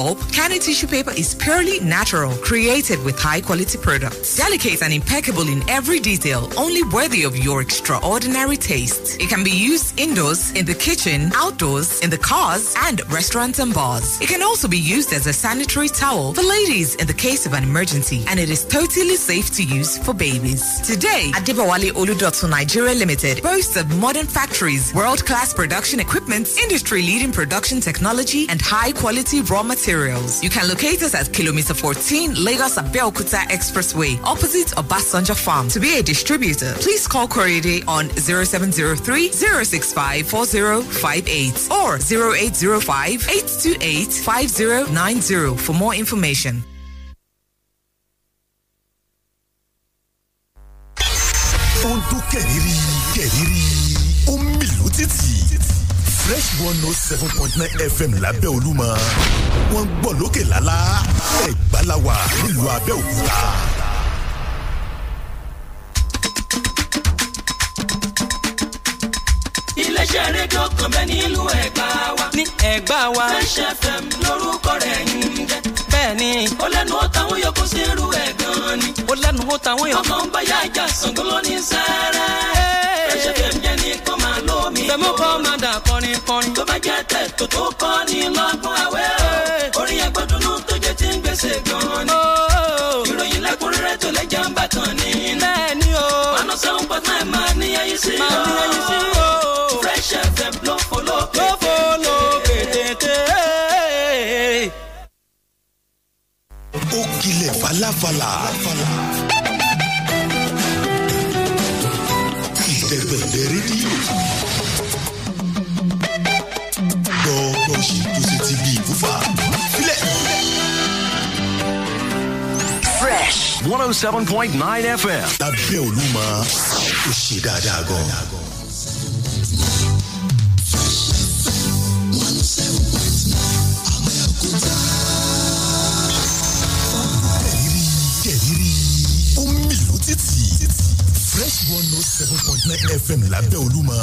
Pulp, Canny tissue paper is purely natural, created with high quality products. Delicate and impeccable in every detail, only worthy of your extraordinary taste. It can be used indoors, in the kitchen, outdoors, in the cars, and restaurants and bars. It can also be used as a sanitary towel for ladies in the case of an emergency, and it is totally safe to use for babies. Today, Adibawale Oludotsu Nigeria Limited boasts of modern factories, world class production equipment, industry leading production technology, and high quality raw materials materials. You can locate us at Kilometer 14, Lagos Abeokuta Expressway, opposite Obasanja Farm. To be a distributor, please call Corriere on 0703 065 4058 or 0805 828 5090 for more information. fresh one oh seven point nine fm lábẹ́ olúmọ wọ́n gbọ́ lókè lálá Ẹ̀gbá la wà nílùú abẹ́òkúta. iléeṣẹ́ rédíò kan bẹ́ẹ̀ nílùú ẹ̀gbá wa. ní ẹ̀gbá wa. fresh fm lórúkọ rẹ̀ ń jẹ́. bẹ́ẹ̀ni. ó lẹ́nu ó tàwọn yòókù sí irú ẹ̀ ni. ó lẹ́nu ó tàwọn yòókù. ọmọ ń bá yá ìjà Ṣàngó lónìí fresh fm jẹ́ ní kó máa lómi kó. tẹ̀mú kọ́ máa dà kọrin kọrin. tó bá jẹ́ tẹ̀ tó tó kọ́ ni lọ́gbọ́n àwẹ̀ o. orin ẹgbẹ́ dunu tó jẹ́ ti ń gbèsè gan-an ni. Oh. ìròyìn lẹ́kùnrẹ́rẹ́ tó lẹ́jà ń bàtàn ni. bẹ́ẹ̀ni o. one oh seven point nine máa ní ẹyin sí i. máa ní ẹyin sí i o. fresh fm ló folo kété. ló folo kété. ó kilẹ̀ falafala. falafala ẹ̀ẹ́dẹ́gbẹ̀lẹ́rẹ́dì gbọ́ngbọ́n ṣì tó ṣe ti bí ìwúfà sílẹ̀. Fresh 107.9 FM. lábẹ́ Olúmọ ó ṣe dáadáa gan-an. lábẹ́ olúmọ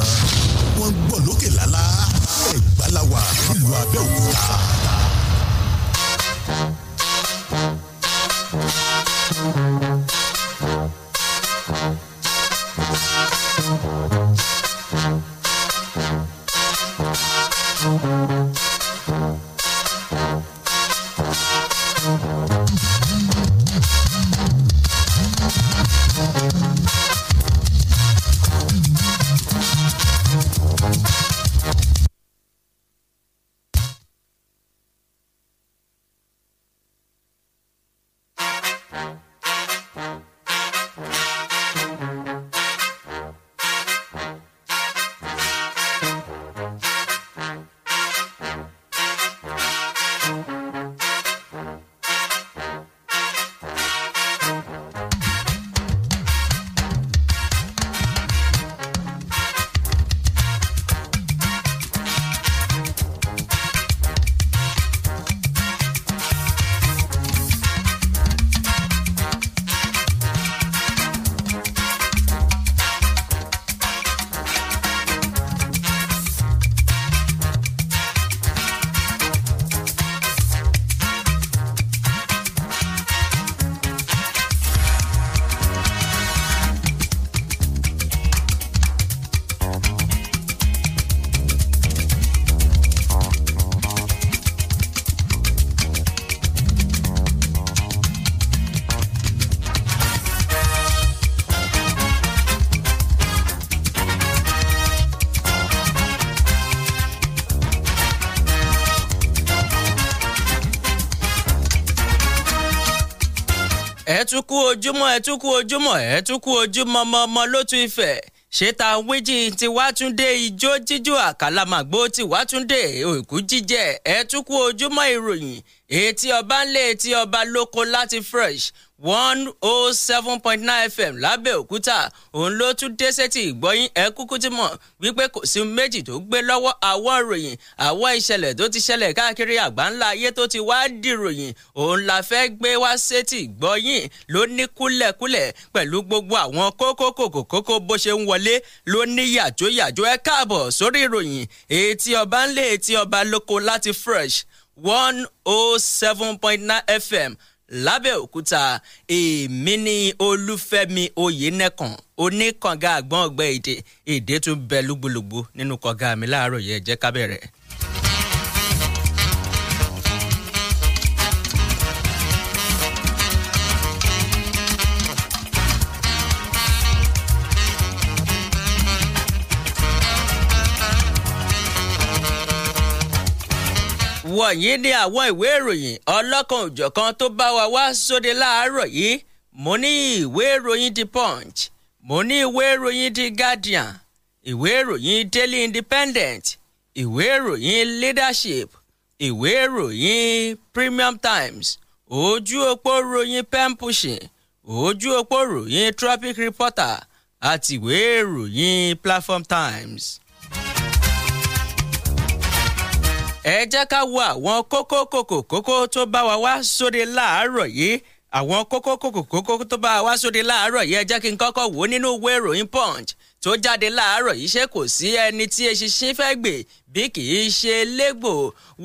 wọ́n ń gbọ́ lókè lálá ẹ̀gbá la wà nílùú abẹ́òkúta. ojúmọ́ ẹ tún kú ojúmọ́ ẹ tún kú ojúmọ́ mọ́mọ́ ló tún Ifẹ̀ ṣètà wíjì tí wàá tún dé ijó jíjó àkàlàmàgbò tí wàá tún dé òkú jíjẹ ẹ tún kú ojúmọ́ ìròyìn etí ọba ńlẹ̀ etí ọba lóko láti fresh one oh seven point nine fm lábẹ́òkúta òun ló tún dé sétí ìgbọ́yín ẹ kúkú ti mọ̀ wípé kò sí méjì tó gbé lọ́wọ́ àwọn ìròyìn àwọn ìṣẹ̀lẹ̀ tó ti ṣẹlẹ̀ káàkiri àgbáńlá ayé tó ti wá dìròyìn òun la fẹ́ gbé wá sétí ìgbọ́yín ló ní kúlẹ̀kúlẹ̀ pẹ̀lú gbogbo àwọn kókó kòkó kókó bó ṣe ń wọlé ló yàjó ẹ káàbọ̀ sórí ìròyìn etí ọba ńlẹ̀ etí ọba lóko láti fresh one oh seven point nine fm lábẹ́òkúta èmi ní olúfẹ́mi oyènẹ́kàn oníkànga àgbọ̀n ọgbẹ́ èdè èdè tún bẹ lúgbúlùgbú nínú kànga mi láàárọ̀ yẹn jẹ́ ká àwọn yìí ni àwọn ìwé ìròyìn ọlọ́kan òjọ̀kan tó bá wa wá sóde láàárọ̀ yìí mo ní ìwé ìròyìn The Punch mo ní ìwé ìròyìn The Guardian ìwé ìròyìn Daily Independent ìwé ìròyìn Leadership ìwé ìròyìn Premium Times ojú òpó ròyìn pen pushing ojú òpó ròyìn Traffic Reporter àti ìwé ìròyìn Platform Times. ẹ jẹ́ ká wo àwọn kókó kòkò kókó tó bá wa wá sóde láàárọ̀ yìí àwọn kókó kòkò kókó tó bá wa wá sóde láàárọ̀ yìí ẹ jẹ́ kí n kọ́kọ́ wò ó nínú ìwé ìròyìn punch tó jáde láàárọ̀ yìí ṣé kò sí ẹni tí eṣinṣin fẹ́ gbè bí kì í ṣe légbò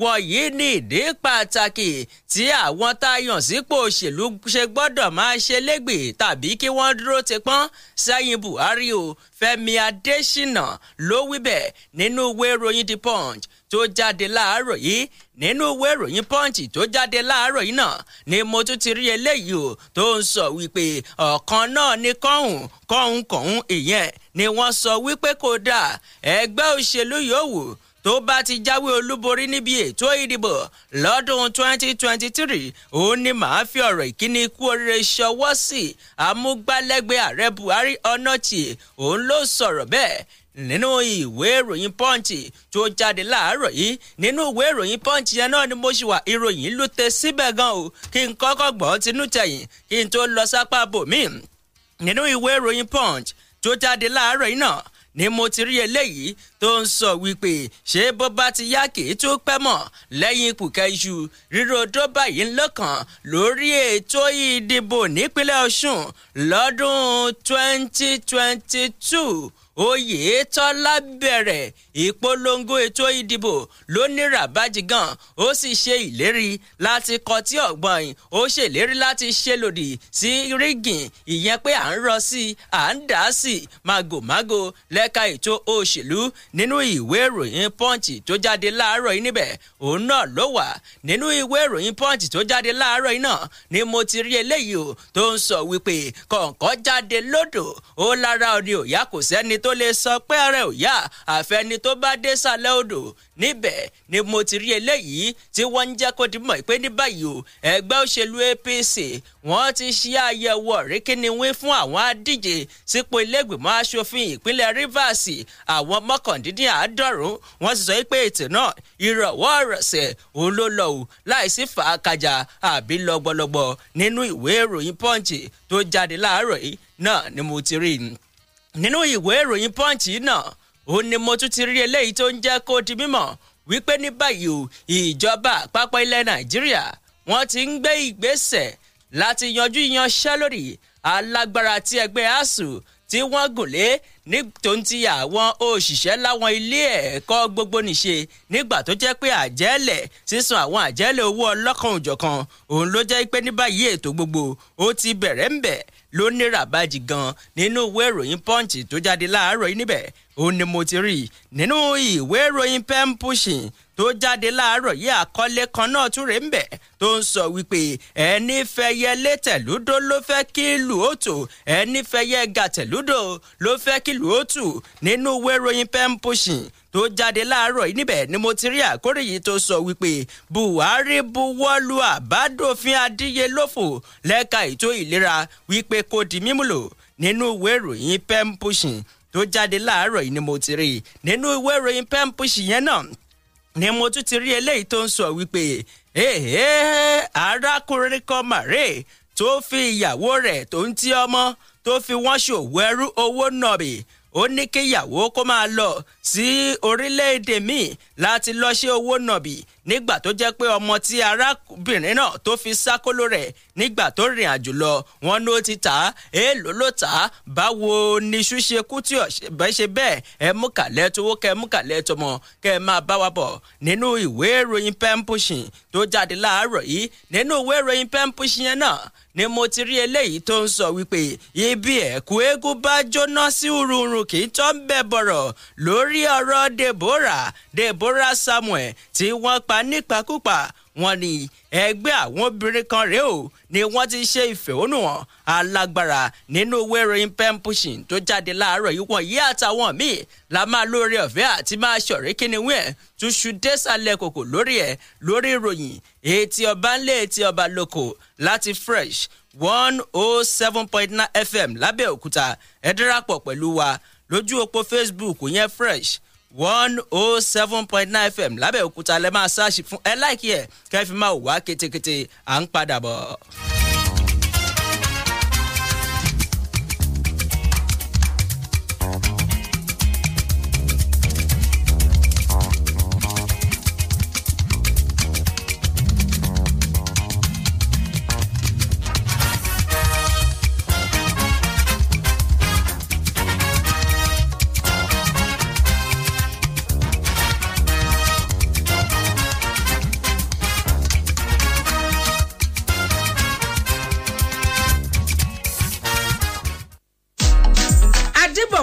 wọ̀nyí ni ìdí pàtàkì tí àwọn táyàn sípò òṣèlú ṣe gbọ́dọ̀ máa ṣe légbè tàbí kí wọ́n dúró ti pọ́n sẹ́yìn Buhari o Fẹ́mi Adésínà ló wí bẹ́ẹ̀ nínú ìwé ìròyìn The Punch tó jáde láàárọ̀ yìí nínú ìwé ìròyìn pọ́ǹchì tó jáde láàárọ̀ yìí náà ni mo tún ti rí eléyìí o tó ń sọ wípé ọ̀kan náà ni kọ́hùn kọ́hùn kọ́hùn ìyẹn ni wọ́n sọ wípé kódà ẹgbẹ́ òṣèlú yòówù tó bá ti jáwé olúborí níbi ètò ìdìbò lọ́dún 2023 òun ni màá fi ọ̀rọ̀ ìkíni ikú oríire ṣọwọ́ sí amúgbálẹ́gbẹ̀ẹ́ ààrẹ buhari ọ̀nàchì òun ló sọ̀rọ̀ bẹ́ẹ̀ nínú ìwé ìròyìn pọ́ǹtì tó jáde láàárọ̀ yìí nínú ìwé ìròyìn pọ́ǹtì yẹn náà ni mo ṣì wà ìròyìn ló tẹ síbẹ̀ gan o kí n kọ́kọ́ gbọ́ tinú tẹ̀yìn kí n tó lọ sápá bòmíì nínú ìwé ìròyìn pọ́ǹtì tó jáde láàárọ̀ yìí náà ni mo ti rí eléyìí tó ń sọ wípé ṣé bó bá ti yá kì í tó pẹ́ mọ́ lẹ́yìn ìpùkẹ́ iṣu rírodó báyìí lọ́kàn lórí ètò ìdìbò nípínlẹ̀ Ọ̀ṣun lọ́dún 2022 Oyètọ́lá bẹ̀rẹ̀ ìpolongo ètò ìdìbò lóníràbájì gan ó sì ṣe ìlérí láti kọtí ọ̀gbọ́n yìí ó ṣèlérí láti ṣe lòdì sí rígìn ìyẹn pé à ń rọ sí i à ń dà á sí i màgòmágó lẹ́ka ètò òṣèlú nínú ìwé ìròyìn punch tó jáde láàárọ̀ yìí níbẹ̀ òun náà ló wà nínú ìwé ìròyìn punch tó jáde láàárọ̀ yìí náà ni mo ti rí eléyìí o tó ń sọ wípé kọ̀ǹkọ̀ jáde lódò ó lára òní òyà kò sẹ́ni tó lè sọ pé ara ò yá àfẹni tó bá dé sàlẹ̀ odò níbẹ̀ ni mo ti rí eléyìí tí wọ́n ń jẹ́ kó di mọ̀ pé ní báyìí o ẹgbẹ́ òṣèlú APC wọ́n ti ṣe àyẹ̀wò ọ̀rẹ́kíniwín fún àwọn adíje sípò ilégbìmọ̀ asòfin ìpínlẹ̀ Rivers àwọn mọ́kàndínláàádọ́rùn wọ́n sì sọ pé ètò náà ìrọ̀wọ́ ọ̀rọ̀sẹ̀ òun ló lọ o láìsí fàákàjà àbí lọ́gbọ́lọ́gbọ́ nínú ìwé ìròyìn Punch tó jáde láàárọ̀ yìí náà ni mo ti rí i nínú ìwé ìròyìn punch náà ó ní mo tún ti rí eléyìí tó ń jẹ́ kó di mímọ̀ wípé ní báyìí o ìjọba àpapọ̀ ilẹ̀ nàìjíríà wọ́n ti ń gbé ìgbésẹ̀ láti yanjú ìyanṣẹ́lódì alágbára tí ẹgbẹ́ asuu tí wọ́n gùn lé ní tòǹtì àwọn òṣìṣẹ́ láwọn ilé ẹ̀kọ́ gbogbo níṣe nígbà tó jẹ́ pé àjẹ́lẹ̀ sísan àwọn àjẹ́lẹ̀ owó ọlọ́kan òun ló jẹ́ pé ní báyìí ètò gbogbo ó ti bẹ̀rẹ̀ ń bẹ̀ ló ní ràbájì gan nínú ìwé ìròyìn punch tó jáde láàárọ̀ yìí níbẹ̀ òun ni mo ti rí nínú ìwé ìròyìn pen pushing tó jáde láàárọ̀ yìí àkọlé kan náà tún rèé ń bẹ̀ tó ń sọ wípé ẹni fẹyẹ létẹ̀lúdó ló fẹ́ kí lù ó tò ẹni fẹyẹ gàtẹ̀lúdó ló fẹ́ kí lù ó tù nínú wéròyìn pen tó jáde láàárọ̀ yìí níbẹ̀ ni mo ti rí àkórí yìí tó sọ wípé buhari buwọ́lu àbádòfin adíyelófò lẹ́ka ètò ìlera wípé kò di mímúlò nínú ìwé ìròyìn pen pushing tó jáde láàárọ̀ yìí ni mo ti rí nínú ìwé ìròyìn yẹn náà ni mo tún ti rí eléyìí tó ń sọ wípé arákùnrin kan màrè tó fi ìyàwó rẹ̀ tó ń tí ọmọ tó fi wọ́n ṣòwò ẹrú owó nọ̀bì ó ní kíyàwó kó máa lọ sí orílẹ̀-èdè míì láti lọ́ọ́ ṣe owó nọ̀bì nígbà tó jẹ́ pé ọmọ tí arábìnrin náà tó fi sákóló rẹ̀ nígbà tó rìn àjò lọ wọ́n ló ti tà á èèlò ló tà á báwo ni iṣu ṣe kú tí ọ̀bẹ ṣe bẹ́ẹ̀ ẹ mú kàlẹ́ tówó kẹ́ mú kàlẹ́ tọmọ kẹ́ ẹ máa bá wa bọ̀ nínú ìwé ìròyìn pen tó jáde láàárọ̀ yìí nínú ìwé ìròyìn pen yẹn náà ni mo ti rí eléyìí tó ń sọ wípé ibi ẹ̀kú eégún bá jóná sí urunrun kì í tọ́ ń bẹ bọ̀rọ̀ lórí ọ̀rọ̀ Deborah Deborah Samuel tí wọ́n pa nípakúpa wọ́n ní ẹgbẹ́ àwọn obìnrin kan rèé o ni wọ́n ti ṣe ìfẹ̀hónúhàn alágbára nínú ìwé ìròyìn pen pushing tó jáde láàárọ̀ yìí wọ̀nyí àtàwọn míì la máa lórí ọ̀fẹ́ àti máa ṣọ̀rẹ́ kíni wí ẹ̀ túṣu désàlẹ̀ kòkò lórí ẹ̀ lórí ìròyìn etí ọba ńlẹ̀ etí ọba lóko láti fresh one oh seven point nine fm lábẹ́òkúta ẹ dárapọ̀ pẹ̀lú wa lójú òpó facebook yẹn fresh one oh seven point nine fm lábẹ́òkúta lẹ́ máa ṣáàṣì fún ẹ láìkí ẹ̀ kẹ́fí máa wá ketekete à ń padà bọ̀.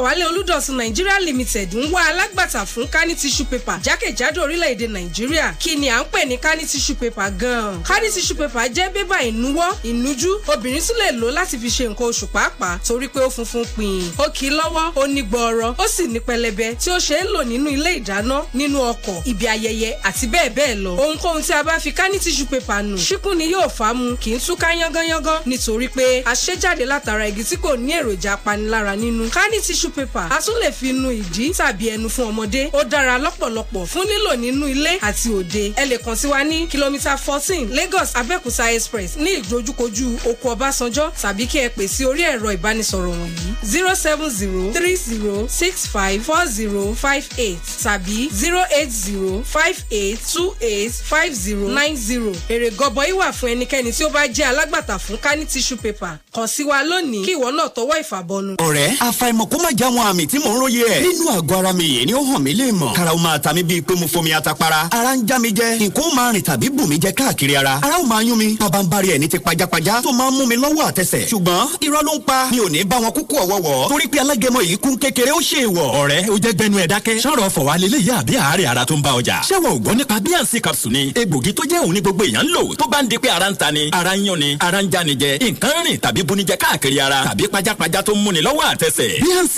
Ọ̀làwálé Olúdọ̀sùn Nigeria Limited ń wá alágbàtà fún Kani tissue paper jákèjádò orílẹ̀-èdè Nàìjíríà kí ni à ń pè ní Kani tissue paper gan-an Kani tissue paper jẹ́ bébà ìnuwọ́ ìnujú obìnrin tún lè lò láti fi ṣe nǹkan oṣù pàápàá torí pé ó funfun pin ó kì í lọ́wọ́ ó ní gbọ́ọ̀rọ̀ ó sì ní pẹlẹbẹ tí ó ṣe é lò nínú ilé ìdáná nínú ọkọ̀ ibi ayẹyẹ àti bẹ́ẹ̀ bẹ́ẹ̀ lọ ohunkóhun tí a bá fi Kani tissue paper nù ṣíkún ni yóò fà á mu kì í túká yángányángán nítorí pé àṣejáde látara igi tí kò ní èròjà apanilára nínú Kani tissue tissue paper a tún lè fi nu ìdí tàbí ẹnu fún ọmọdé ó dára lọ́pọ̀lọpọ̀ fún lílò nínú ilé àti òde ẹ lè kàn sí wa ní kìlómítà fourteen Lagos Abẹ́òkúta express ní ìdojúkojú oko Ọbásanjọ́ tàbí kí ẹ pè sí orí ẹ̀rọ ìbánisọ̀rọ̀ wọ̀nyí zero seven zero three zero six five four zero five eight tàbí zero eight zero five eight two eight five zero nine zero èrè gọbọi wà fún ẹnikẹ́ni tí ó bá jẹ́ alágbàtà fún kání tissue paper kàn sí wa lónìí kí ìwọ náà tọwọ́ ìfàbọnu. ọ̀rẹ́ àfàìmọ̀ kó má jẹ́ àwọn àmì tí mò ń róye ẹ̀. nínú àgọ́ ara mi yìí ni ó hàn mí lè mọ̀. karaw máa ta mi bíi pé mo fomi atapara. ara ń já mi jẹ nǹkan ó máa rìn tàbí bù mí jẹ káàkiri ara. ara ó máa yún mi pabambari ẹ̀ ní ti pajápajá tó máa ń mú mi lọ́wọ́ àtẹsẹ̀. ṣùgbọ́n irọ́ ló ń pa mi ò ní bá wọn kúkú ọ̀wọ́wọ́ torí pé alágẹmọ yìí kún kékeré ó ṣe ọ̀rẹ́ ó jẹ́ gbẹnu ẹ̀ dákẹ́. sọ̀rọ̀ fọ̀wá lélẹ́yìí àbí àárẹ̀ ara ni egbògi tó jẹ́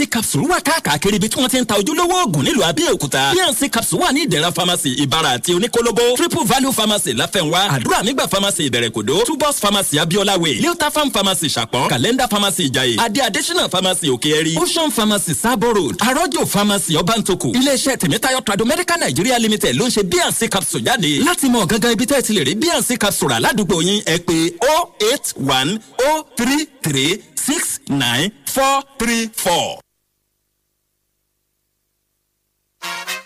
bnc capsule wà káàkiri ibi tí wọ́n ti ń ta ojúlówó oògùn nílùú abẹ́òkúta bnc capsule wà ní ìdẹ̀ra pharmacy ìbàrà àti oníkólóbó triple value pharmacy láfẹ́nwá àdúrà mígbà pharmacy ìbẹ̀rẹ̀kòdó tubos pharmacy abiola way leota farm pharmacy ṣàpọ̀n calendar pharmacy ìjàyè adé additional pharmacy òkèèrè ocean pharmacy sabo road arọ́jò pharmacy ọbàntòkù iléeṣẹ́ tèmítáyọ̀ tradomedical nigeria limited ló ń ṣe bnc capsule jáde láti mọ̀ gangan ibi tẹ́ ti lè rí bnc capsule aládùúgbò yín ẹ pé 08103 three six nine four three four. Bye.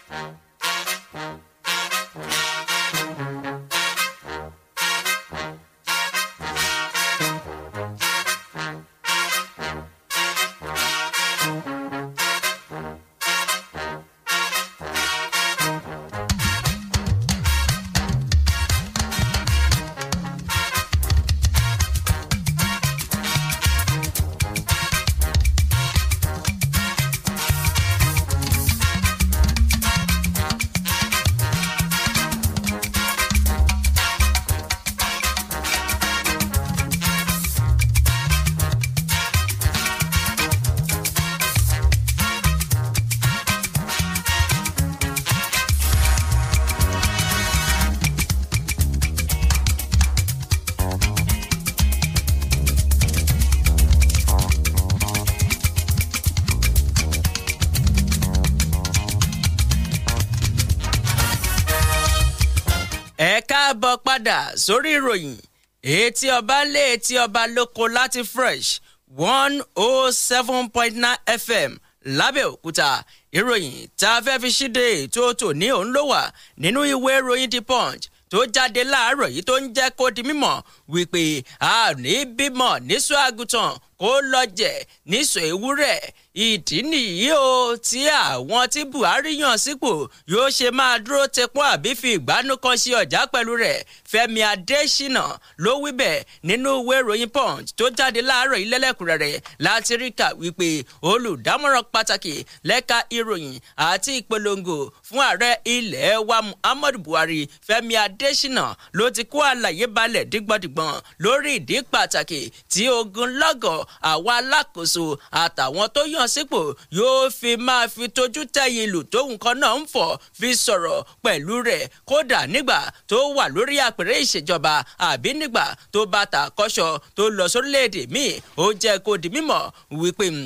sórí ìròyìn etí ọba lé etí ọba lóko láti fresh one oh seven point nine fm lábẹ́òkúta ìròyìn tá a fẹ́ fi ṣíde ètò tòní òun ló wà nínú ìwé ìròyìn the punch tó jáde láàárọ̀ yìí tó ń jẹ́ kó di mímọ̀ wípé a ní bímọ níṣó àgùntàn kó lọ́jẹ̀ níṣọ ewúrẹ́ ìdí nìyí o tí àwọn tí Buhari yàn sípò yóò ṣe máa dúró tepọ́n àbí fi ìgbánú kan ṣe ọ̀já pẹ̀lú rẹ̀ Fẹ́mi Adésínà ló wí bẹ́ẹ̀ nínú ìwé ìròyìn Punch tó jáde láàárọ̀ ilẹ̀lẹ́kùnrẹ́rẹ́ láti rí kà wípé olùdámọ̀ràn pàtàkì lẹ́ka ìròyìn àti ìpolongo fún ààrẹ ilẹ̀ wa Muhammadu Buhari Fẹ́mi Adésínà ló ti kó àlàyé balẹ̀ dígbọ̀dìgbọ̀n lórí ìdí pàtàkì tí ogunlọ́gọ̀ àwa alákòóso àtàwọn tó yàn sípò yóò fi máa fi tójú tẹ̀yìn ìlú tó nǹkan náà ń fọ̀ fi sọ̀rọ̀ pẹ̀lú rẹ̀ kódà nígbà tó wà lórí àpèrè ìṣèjọba àbí nígbà tó bá tàkọ́ṣọ tó lọ sórílẹ̀-èdè míì ó jẹ́ kó di mímọ̀ wípé hmm,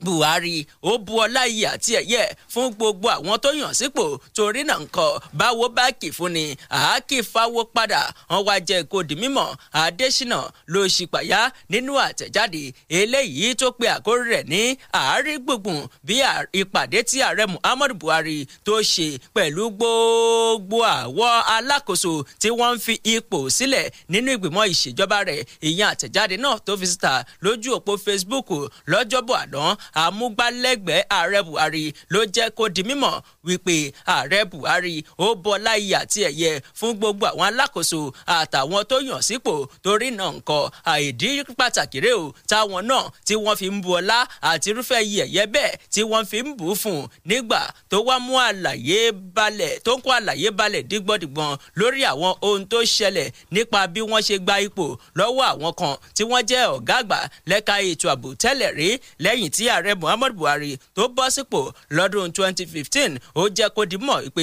buhari ó bu ọlá iyì àti ẹ̀yẹ fún gbogbo àwọn tó yàn sípò torí náà nǹkan báwo bá kì fún ni àákì fáwọ́ padà wọn wá jẹ́ kó di mímọ̀ adésínà ló ṣípayá nínú àtẹ̀jáde eléyìí tó pe àkórí rẹ̀ ní àárí gbùngbùn bí ìpàdé tí ààrẹ muhammadu buhari tó ṣe pẹ̀lú gbogbo àwọn alákòóso tí wọ́n ń fi ipò sílẹ̀ nínú ìgbìmọ̀ ìṣèjọba rẹ̀ ìyẹn àtẹ̀jáde náà tó fi síta lójú òpó facebook lọ́jọ́bọ̀ àná amúgbálẹ́gbẹ̀ẹ́ ààrẹ buhari ló jẹ́ kó di mímọ̀ wípé ààrẹ buhari ó bọlá iyì àti ẹ̀yẹ fún gbogbo àwọn alákòóso àtàwọn tó yàn sípò torí náà nǹkan àìdí pàtàkì rèé o táwọn náà tí wọ́n fi ń bu ọlá àti irúfẹ́ iyì ẹ̀yẹ bẹ́ẹ̀ tí wọ́n fi ń bù ú fún nígbà tó wá mú àlàyé balẹ̀ tó ń kó àlàyé balẹ̀ dígbọ́dìgbọ́n lórí àwọn ohun tó ṣẹlẹ̀ nípa bí wọ́n ṣe gba ipò lọ́wọ́ àwọn kan tí wọ́n jẹ́ ọ̀gá àgbà lẹ́ka ètò ààbò tẹ́lẹ̀ rí lẹ́yìn tí ààrẹ ààrẹ muhammadu buhari tó bọ́ sípò lọ́dún 2015 ó jẹ́ kó dimọ̀ ìpè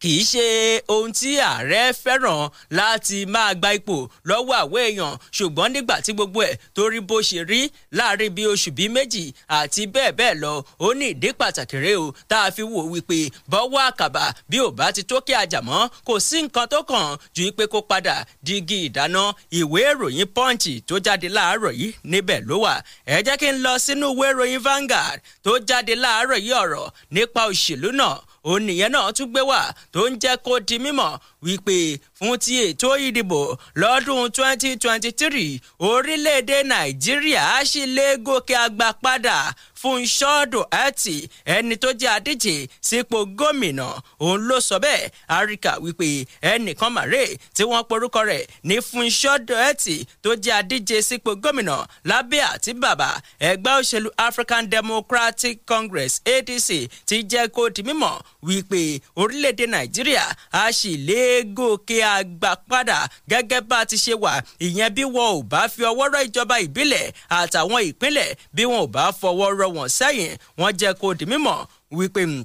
kì í ṣe ohun tí ààrẹ fẹ́ràn láti máa gba ipò lọ́wọ́ àwọn èèyàn ṣùgbọ́n nígbà tí gbogbo ẹ̀ tó rí bó ṣe rí láàrin bíi oṣù bíi méjì àti bẹ́ẹ̀ bẹ́ẹ̀ lọ ó ní ìdí pàtàkì rèé o tá a fi wò wípé bọ́wọ́ àkàbà bí ò bá ti tókè àjàmọ́ kò sí nǹkan tó kàn ju pé kó padà dígí ìdáná ìwé ìròyìn punch tó jáde láàárọ̀ yìí níbẹ̀ ló wà ẹ jẹ́ kí n lọ sínú ìwé ìròyìn Vanguard tó jáde láàárọ̀ yìí ọ̀rọ̀ nípa òṣèlú náà òun nìyẹn náà tún gbé wá tó ń jẹ́ kó di mímọ̀ wípé fún ti ètò ìdìbò lọ́dún 2023 orílẹ̀-èdè nàìjíríà á sì lè gòkè àgbà padà Fúnṣọ́ Dòhátì ẹni tó jẹ́ adíje sípò gómìnà òun ló sọ bẹ́ẹ̀ Áríkà wípé ẹnìkan màrè tí wọ́n porúkọ rẹ̀ ní Fúnṣọ́ Dòhátì tó jẹ́ adíje sípò gómìnà lábẹ́ àti bàbá ẹgbẹ́ òṣèlú African Democratic Congress ADC ti jẹ́ kó di mímọ̀ wípé orílẹ̀-èdè Nàìjíríà a sì lè gòkè àgbà padà gẹ́gẹ́ bá ti ṣe wà ìyẹn bí wọn ò bá fi ọwọ́ rọ ìjọba ìbílẹ̀ àtàwọn ìpínlẹ̀ bí wọn ò bá fọwọ́ rọ sẹ́yìn wọ́n jẹ́ kó di mímọ̀ wípé mm,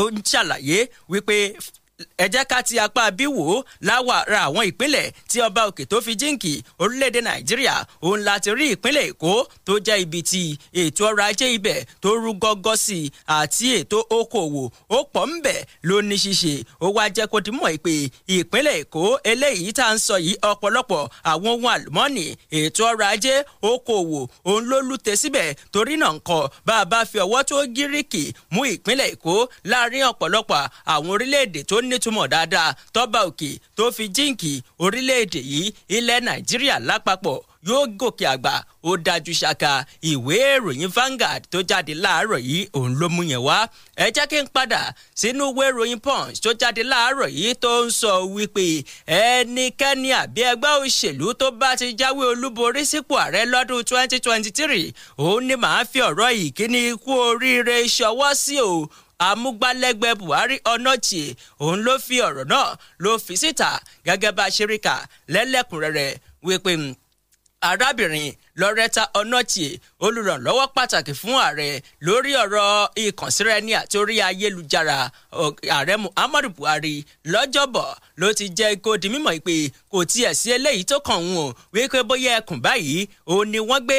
ó ń ṣàlàyé wípé ẹ jẹ́ ká ti apá bí wò ó láwàárà àwọn ìpínlẹ̀ tí ọba òkè tó fi jíǹkì orílẹ̀-èdè nàìjíríà òun la ti rí ìpínlẹ̀ èkó tó jẹ́ ibi tí ètò ọrọ̀ ajé ibẹ̀ tó rú gọ́gọ́ sí i àti ètò okòwò ó pọ̀ ń bẹ̀ ló ní ṣíṣe ó wá jẹ́ kó ti mọ̀ pé ìpínlẹ̀ èkó eléyìí tá à ń sọ yìí ọ̀pọ̀lọpọ̀ àwọn ohun àlùmọ́ọ́nì ètò ọrọ̀ ajé okòwò òun ló lùtẹ̀ síbẹ̀ torí náà nǹkan bá a bá fi ọwọ́ tó gíríkì mú ìpínlẹ̀ èkó láàrin ọ̀pọ̀lọpọ̀ àwọn orílẹ̀-èdè tó ní nítumọ̀ dáadáa tọ́ba òkè tó fi jíǹkì orílẹ̀-èdè yìí ilẹ̀ nàìjíríà lápapọ̀ yóò gòkè àgbà ó dájú ṣáka ìwé ìròyìn Vanguard tó jáde láàárọ̀ yìí òun ló mú yẹn wá ẹ jẹ́ kí n padà sínú ìwé ìròyìn Punch tó jáde láàárọ̀ yìí tó ń sọ wípé ẹnikẹ́ni àbí ẹgbẹ́ òṣèlú tó bá ti jáwé olúborí sípò ààrẹ lọ́dún 2023 òun ni màá fi ọ̀rọ̀ ìkíni ikú oríire ṣọwọ́ sí o amúgbálẹ́gbẹ́ Buhari Onochie òun ló fi ọ̀rọ̀ náà ló fi síta gẹ́gẹ́ bá a ṣe rí kà lẹ́lẹ́kùnrẹ́rẹ́ wípé hmm, arábìnrin Loretta Onochie olùrànlọ́wọ́ pàtàkì fún ààrẹ lórí ọ̀rọ̀ ìkànsíra ẹni àti orí ayélujára ààrẹ Muhammadu Buhari lọ́jọ́bọ̀ ló ti jẹ́ kó di mímọ̀ pé kò tiẹ̀ sí eléyìí tó kàn ń wò wípé bóyá ẹkùn báyìí òun ni wọ́n gbé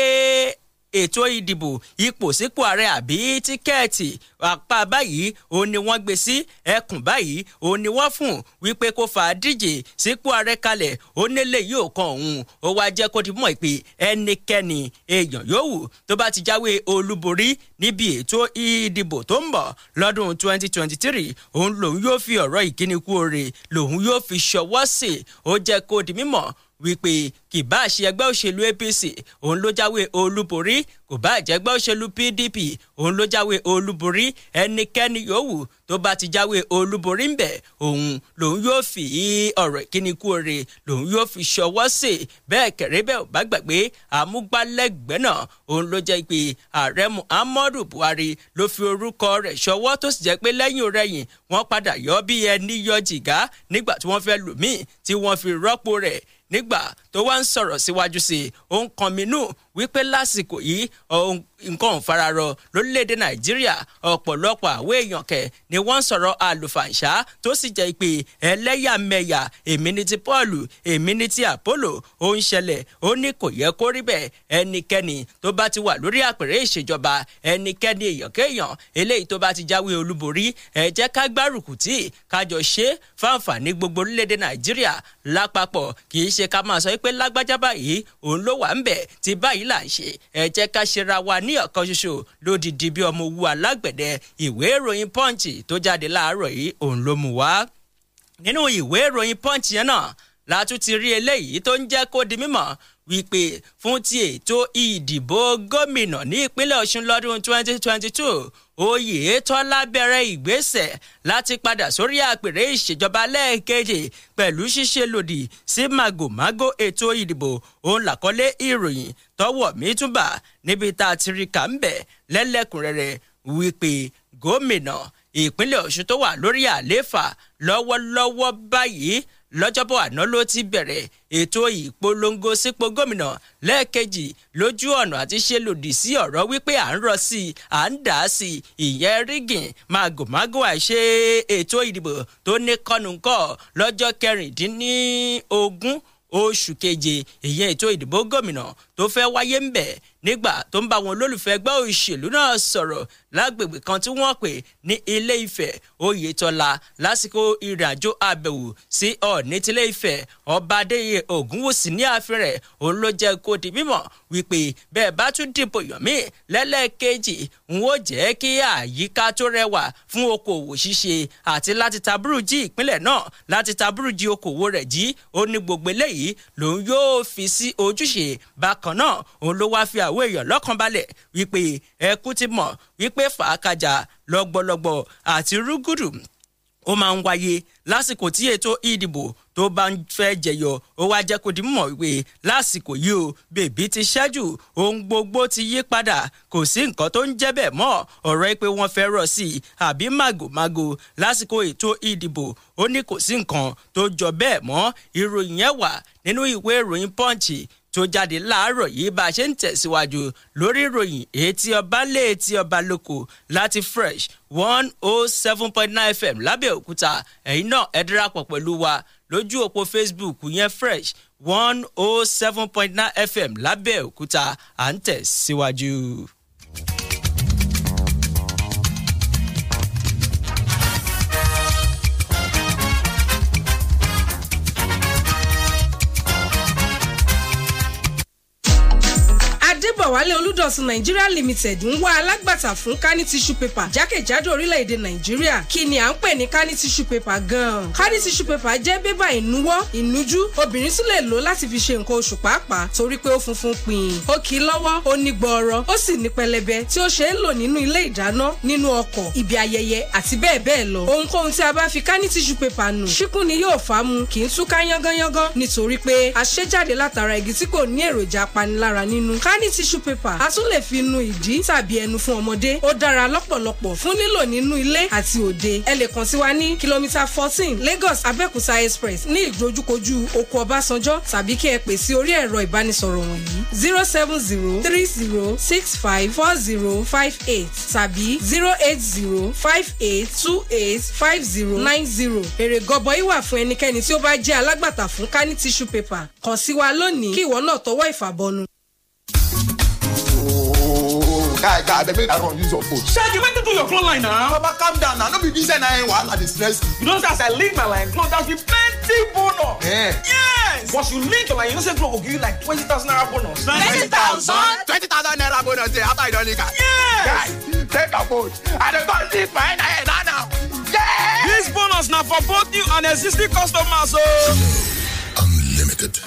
ètò ìdìbò ipò sípò ààrẹ àbí tíkẹ́ẹ̀tì apá báyìí òun ni wọ́n gbé sí ẹkùn báyìí òun ni wọ́n fún wípé kó fà á díje sípò ààrẹ kalẹ̀ ó nílé yóò kan òun ó wá jẹ́ kó ti mọ̀ pé ẹnikẹ́ni èèyàn yòówù tó bá ti jáwé olúborí níbi ètò ìdìbò tó ń bọ̀ lọ́dún 2023 òun lòun yóò fi ọ̀rọ̀ ìkíni kú oore lòun yóò fi ṣọwọ́ sí ó jẹ́ kó di mímọ̀ wípé kì bá ṣe ẹgbẹ́ òṣèlú APC òun ló jáwé olúborí kò bá jẹ́gbẹ́ òṣèlú PDP òun ló jáwé olúborí ẹnikẹ́ni yòówù tó bá ti jáwé olúborí ń bẹ̀ òun lòun yóò fi ọ̀rọ̀ ìkíni kú oore lòun yóò fi ṣọwọ́ sí bẹ́ẹ̀ kẹ̀rẹ́ bẹ́ẹ̀ ò bá gbàgbé amúgbálẹ́gbẹ̀ẹ́ náà òun ló jẹ́ pé ààrẹ Muhammadu Buhari ló fi orúkọ rẹ̀ ṣọwọ́ tó sì jẹ́ pé lẹ́yìn rẹ̀yìn wọ́n padà yọ bí ẹni yọ jìgá nígbà tí wọ́n fẹ́ lòmíì tí wọ́n fi rọ́pò rẹ̀ nígbà tó wá ń sọ̀rọ̀ síwájú sí i ó ń kan mi nù wípé lásìkò yìí nǹkan òǹfararọ lórílẹ̀‐èdè nàìjíríà ọ̀pọ̀lọpọ̀ àwọn èèyàn kẹ̀ ni wọ́n ń sọ̀rọ̀ àlùfàǹṣá tó sì jẹ́ pé ẹlẹ́yàmẹ̀yà èmi ni ti paul èmi ni ti apollo ó ń ṣẹlẹ̀ ó ní kò yẹ kó rí bẹ́ẹ̀ ẹnikẹ́ni tó bá ti wà lórí àpèrè ìṣèjọba ẹnikẹ́ni èèyànkéèyàn eléyìí tó bá ti jáwé olúborí ẹ jẹ́ ká gbárùkù tí kájọ ṣe fáǹfààní gbogbo orílẹ̀ nàìjíríà lápapọ̀ kì í ṣe ká máa sọ pé lágbájá báyìí báyìí là ń ṣe ẹ jẹ́ ká ṣera wa ní ọ̀kan ṣoṣo lódìdí bí ọmọ owó alágbẹ̀dẹ ìwé ìròyìn punch tó jáde láàárọ̀ yìí òun ló mú wá nínú ìwé ìròyìn punch yẹn náà látún ti rí eléyìí tó ń jẹ́ kó di mímọ̀ wípé fún ti ètò ìdìbò gómìnà ní ìpínlẹ̀ Ọ̀ṣun lọ́dún 2022 Oyètọ́lá bẹ̀rẹ̀ ìgbésẹ̀ láti padà sórí àpèrè ìṣèjọba lẹ́ẹ̀kejì pẹ̀lú ṣíṣe lòdì sí màgòmágó ètò ìdìbò òun làkọlé ìròyìn tọ́wọ́ mi túbà níbi tá a ti rí kà ń bẹ̀ lẹ́lẹ́kùnrẹ́rẹ́ wípé gómìnà ìpínlẹ̀ Ọ̀ṣun tó wà lórí àlééfà lọ́wọ́lọ́wọ́ báyìí lọ́jọ́bọ̀ àná ló ti bẹ̀rẹ̀ ètò ìpolongo sípò gómìnà lẹ́ẹ̀kejì lójú ọ̀nà àti ṣe lòdì sí ọ̀rọ̀ wípé à ń rọ sí i à ń dà á sí i ìyẹn rígìn màgòmágò àṣẹ ètò ìdìbò tó ní kọ́nùkọ́ lọ́jọ́ kẹrìndínlógún oṣù keje ìyẹn ètò ìdìbò gómìnà tó fẹ́ wáyé ń bẹ̀ nígbà tó ń bá wọn olólùfẹ́ ẹgbẹ́ òṣèlú náà sọ̀rọ̀ lágbègbè kan tí wọ́n pè ní ilé ifẹ̀ oyetola lásìkò ìrìnàjò àbẹ̀wò sí ọ̀ọ́nì tilé ifẹ̀ ọba adéyẹ ògúnwùsì ní ààfin rẹ̀ òun ló jẹ́ kó di mímọ̀ wípé bẹ́ẹ̀ bá tún dìbò yàn mí lẹ́lẹ́kejì n ó jẹ́ kí àyíká tó rẹwà fún okòwò ṣíṣe àti láti taburú jí ìpínlẹ̀ náà láti taburú jí okòwò rẹ̀ jí ó ní gbogbo eléyìí lòun yóò fi sí ojúṣe bákan náà òun ló wáá fi àwọn èèyàn lọ́kàn balẹ̀ wípé ẹkú ti mọ̀ wípé pé fàákàjà lọ́gbọ́lọ́gbọ́ àti rúgùdù ó máa ń wáyé lásìkò tí ètò ìdìbò tó bá ń fẹ́ jẹyọ ó wá jẹ́ kó di mọ̀ wípé lásìkò yìí o bèbí ti ṣẹ́jù ohun gbogbo ti yí padà kò sí nǹkan tó ń jẹ́ bẹ́ẹ̀ mọ́ ọ̀rọ̀ pé wọ́n fẹ́ rọ̀ sí i àbí màgòmágò lásìkò ètò ìdìbò ó ní kò sí nǹkan tó jọ bẹ́ẹ̀ mọ́ ìròyìn yẹn wà nínú ìwé ìròyìn pọ́ǹchì tó jáde láàárọ̀ yìí bá a ṣe ń tẹ̀síwájú lórí ìròyìn etí ọba lé etí ọba lóko láti fresh one oh seven point nine fm lábẹ́òkúta ẹ̀yin náà ẹ darapọ̀ pẹ̀lú wa lójú òpó facebook yẹn fresh one oh seven point nine fm lábẹ́òkúta à ń tẹ̀síwájú. Ọ̀làwálé Olúdọ̀sùn Nigeria Limited ń wá alágbàtà fún Kani tissue paper jákèjádò orílẹ̀-èdè Nàìjíríà kí ni à ń pè ní Kani tissue paper gan-an Kani tissue paper jẹ́ bébà ìnuwọ́ ìnujú obìnrin tún lè lò láti fi ṣe nǹkan oṣù pàápàá torí pé ó funfun pin ó kì í lọ́wọ́ ó ní gbọ́ọ̀rọ̀ ó sì ní pẹlẹbẹ tí ó ṣe é lò nínú ilé ìdáná nínú ọkọ̀ ibi ayẹyẹ àti bẹ́ẹ̀ bẹ́ẹ̀ lọ ohunkóhun tí a bá fi Kani tissue paper nù ṣíkún ni yóò fà á mu kì í túká yángányángán nítorí pé àṣejáde látara igi tí kò ní èròjà apanilára nínú Kani tissue tissue paper a tún lè fi nu ìdí tàbí ẹnu fún ọmọdé ó dára lọ́pọ̀lọpọ̀ fún lílò nínú ilé àti òde ẹ lè kàn sí wa ní kìlómítà fourteen Lagos Abẹ́òkúta express ní ìdojúkojú oko Ọbásanjọ́ tàbí kí ẹ pè sí orí ẹ̀rọ ìbánisọ̀rọ̀ wọ̀nyí zero seven zero three zero six five four zero five eight tàbí zero eight zero five eight two eight five zero nine zero èrè gọbọi wà fún ẹnikẹ́ni tí ó bá jẹ́ alágbàtà fún kání tissue paper kàn sí wa lónìí kí ìwọ náà tọwọ́ ìfàbọnu guy guy abeg make i run use your phone. shey you wetin do your cloth line na. baba calm down na no be this na wahala dey stress you. you know say as i leave my line cloth that be plenty bonus. Yeah. yes. once you leave your line you know say cloth go give you like twenty thousand naira bonus. twenty thousand. twenty thousand naira bonus dey eh, after you don leak am. yes. guy take your phone i dey go leave my nia na eh, now. Yeah. this bonus now for both new and existing customers So. Oh. unlimited.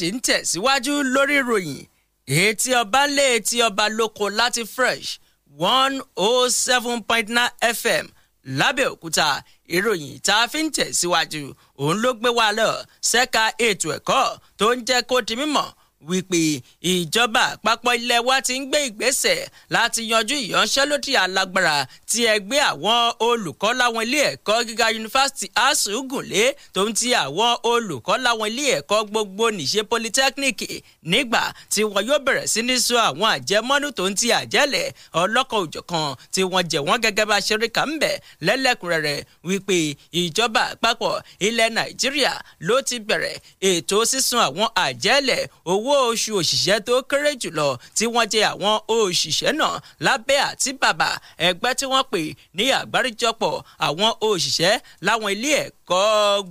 ṣì ń tẹ̀síwájú lórí ìròyìn etí ọba lé etí ọba lóko láti fresh one oh seven point nine fm lábẹ́òkúta ìròyìn tá a fi ń tẹ̀síwájú òun ló gbé wa lọ ṣẹ́ka ètò ẹ̀kọ́ tó ń jẹ́ kó di mímọ̀ wípé ìjọba àpapọ̀ ilẹ̀ wa ti ń gbé ìgbésẹ̀ láti yanjú ìyanṣẹ́lódì alágbára ti ẹgbẹ́ àwọn olùkọ́ láwọn ilé ẹ̀kọ́ gíga yunifásitì asuu gùnlé tó ń ti àwọn olùkọ́ láwọn ilé ẹ̀kọ́ gbogbo nìṣe polytechnic nígbà tí wọn yóò bẹ̀rẹ̀ sí ní sọ àwọn àjẹmọ́nú tó ń ti àjẹ́lẹ̀ ọlọ́kọ̀ òjọ̀kan tí wọ́n jẹ̀ wọ́n gẹ́gẹ́ bá ṣe rí kà ń bẹ̀ lẹ́lẹ́kùnrẹ́rẹ́ wípé ìjọba àpapọ̀ ilẹ̀ nàìjíríà ló ti bẹ̀rẹ̀ ètò sísun àwọn àjẹ́lẹ̀ owó oṣù òṣìṣẹ́ tó kéré jùlọ tí wọ́n jẹ àwọn òṣìṣẹ́ náà lábẹ́ àti bàbà ẹgbẹ́ tí wọ́n pè ní àgbáríjọpọ̀ àwọn òṣìṣẹ́ láwọn ilé ẹ̀kọ́